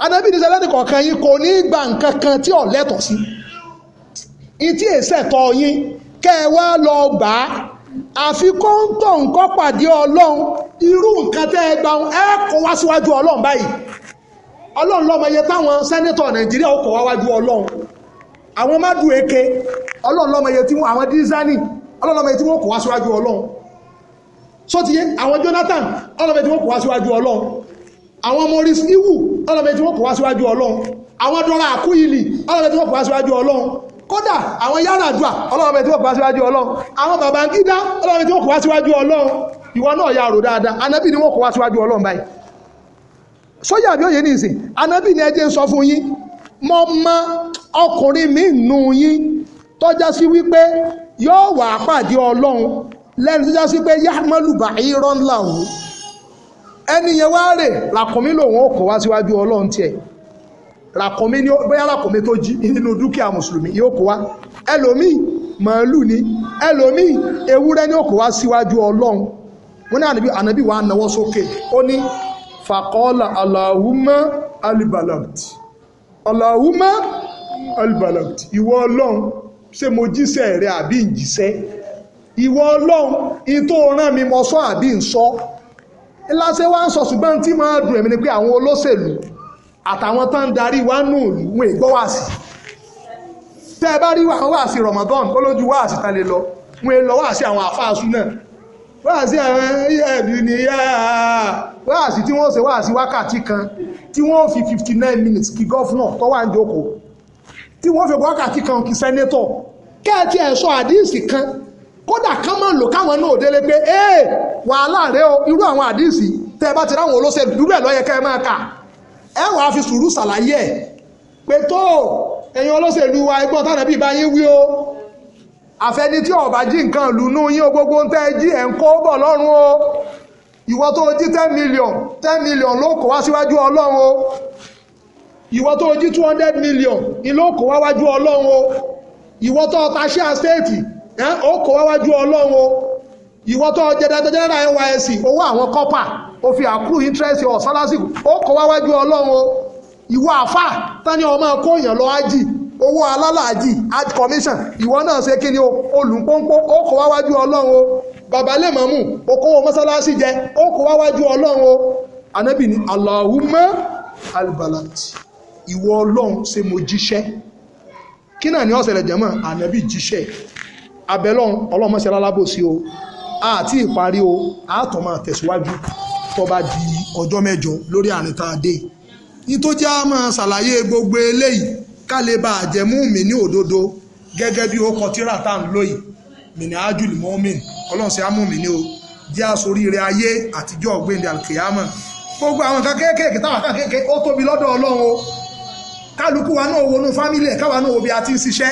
anábì ní sẹ́lẹ́nì kọ̀ọ̀kan yín kò ní gba nǹkan kan tí ò lẹ́tọ̀ọ́ sí ìtí èsẹ̀tọ̀ yín kẹ́ ẹ wá lọ bá a àfi kọ́ńtọ̀ nǹkan pàdé ọlọ́run irú nǹkan tẹ́ ẹ gbà ẹ kó wá síwájú ọlọ́run báyìí ọlọ́run lọ́mọ iye táwọn sẹ́nẹ́tọ̀ nàìjíríà ó kọ̀ wá wájú ọlọ́run àwọn mádùú eke ọlọ́run lọ́mọ iye tí àwọn dísánì ọlọ́run lọ́mọ iye tí wọ́n kọ̀ wá síwájú ọlọ́run sótìyé àwọn Jonathan ọlọ́run lọ́mọ iye tí wọ́n kọ̀ wá síwájú ọlọ́run àwọn maurice iwu ọlọ́mẹtí wọ́n kò wá síwájú ọlọ́run àwọn dọ́ra àkúyìlì ọlọ́mẹtí wọ́n kò wá síwájú ọlọ́run kódà àwọn yáradùà ọlọ́mẹtí wọ́n kò wá síwájú ọlọ́run àwọn babangida ọlọ́mẹtí wọ́n kò wá síwájú ọlọ́run ìwọ náà ya rò dáadáa anábì ni wọ́n kò wá síwájú ọlọ́run báyìí sóyà àbí òye nìsín anábì ni ẹjẹ́ ń sọ fún yín mọ́ mọ́ ọkùnrin mi nù yín tọ́já sí wípé yóò wà pàdé ọlọ́run lẹ́nu tọ́já sí pé yahmalu bàírọ́ ńlá òun ẹni yẹn wá rè làkùnmí lòun ó kọ̀ wá síwájú ọlọ́run tiẹ̀ làkùnmí ní bóyá làkùnmí tó jí nínú dúkìá mùsùlùmí yóò kọ̀ wá ẹlòmíì màálù ni ẹlòmíì ewúrẹ́ ni ó kọ̀ wá síwájú ọlọ́run wọn ní ànábì ànábì wa náwó sókè ó ní fàkọ́ọ́là aláhùmá alibalagti aláhùmá alibalagti ìwọ ọlọ́run ṣé mo jíṣẹ́ rẹ àbí ń jíṣẹ́ ìwọ ọlọ́run ìtò rán mi mọ́ sọ àbí ń sọ ńláṣẹ́ wá ń sọ ṣùgbọ́n tí máa dùn èmi ni pé àwọn olóṣèlú àtàwọn tó ń darí wá nù wọn ègbọ́ wá sí tẹ́ bá rí àwọn wá sí Ramadan ó lójú wá sí tán lè lọ wọn lọ wá sí àwọn àfáàsù náà wá sí àwọn ẹ̀ẹ́dì ni yá wá sí tí wọ́n ṣe wá sí wákàtí kan tí wọ́n fi fifty nine minutes kí gọ́fúnà tó wà ń jókòó tí wọ́n fi wákàtí kan kí sẹ́nétọ̀ kẹ́ẹ̀tì ẹ̀ṣọ́ àdíìsì kan kódà kán máa lò káwọn náà délé pé ee wàhálà rẹ o irú àwọn àdìsí tẹ ẹ bá ti ráwọn olóṣèlú dúró ẹ lọ́yẹ ká ẹ máa kà ẹ wàá fi sùúrù ṣàlàyé ẹ pé tó ẹ̀yin olóṣèlú wa ẹgbọ́n tánà bíi báyé wí o àfẹni tí ọba jí nǹkan lùnú yín o gbogbo ń tẹ́ ẹ jí ẹ̀ ń kó bọ̀ lọ́rùn o ìwọ tó jí ten million ten million ló kó wá síwájú ọlọ́run o ìwọ tó jí two hundred million ni ló kó wá wájú ọlọ́run o ìwọ tó ta ṣẹ́ àstéètì ó kò wáwájú ọlọ́run o ìwọ tó jẹ́dá tó jẹ́dá nysc owó àwọn kọ́pà ó fi àkúrú interest ọ̀sán lásìkò ó kò ọlọ́run o ìwọ àfà tání ọmọ kó èèyàn lọ ájì owó alálàájì art commission ìwọ náà ṣe kí ni o olùpọ́npọ́ ó ọlọ́run o bàbá lẹ́mọ̀ọ́mù okòwò mọ́sálásí jẹ ó kò wáwájú ọlọ́run o ni Allahumma albalat ìwọ ọlọ́run ṣe mo jíṣẹ́ kí náà ni ó ṣẹlẹ̀ jẹ́mọ́ anábì jíṣẹ́ abẹ́lọ́run ọlọ́mọṣẹ́ lálábòsí o àti ìparí o àátọ́ máa tẹ̀síwájú tó bá di ọjọ́ mẹ́jọ lórí àárín tá a dé ní tó jẹ́ a máa ṣàlàyé gbogbo eléyìí ká lè bá àjẹmú mi ní òdodo gẹ́gẹ́ bí ó kọ tíra tá à ń lóyìí mìnà ájúlì mọ́mìn ọlọ́run ṣe á mú mi ní o jẹ́ àsoríire ayé àtijọ́ ọ̀gbìndì alkiyama gbogbo àwọn nǹkan kéékèèké táwọn kan kéékèèké ó tóbi lọ́dọ̀ ọlọ́run o kálukú wa náà wo inú fámílì ẹ̀ káwa náà wo bí a ti ń ṣiṣẹ́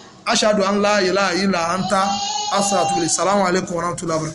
ashadu an la ilaha illa anta asàtúlẹ̀ salamu alaykum wa rahmatulahi wa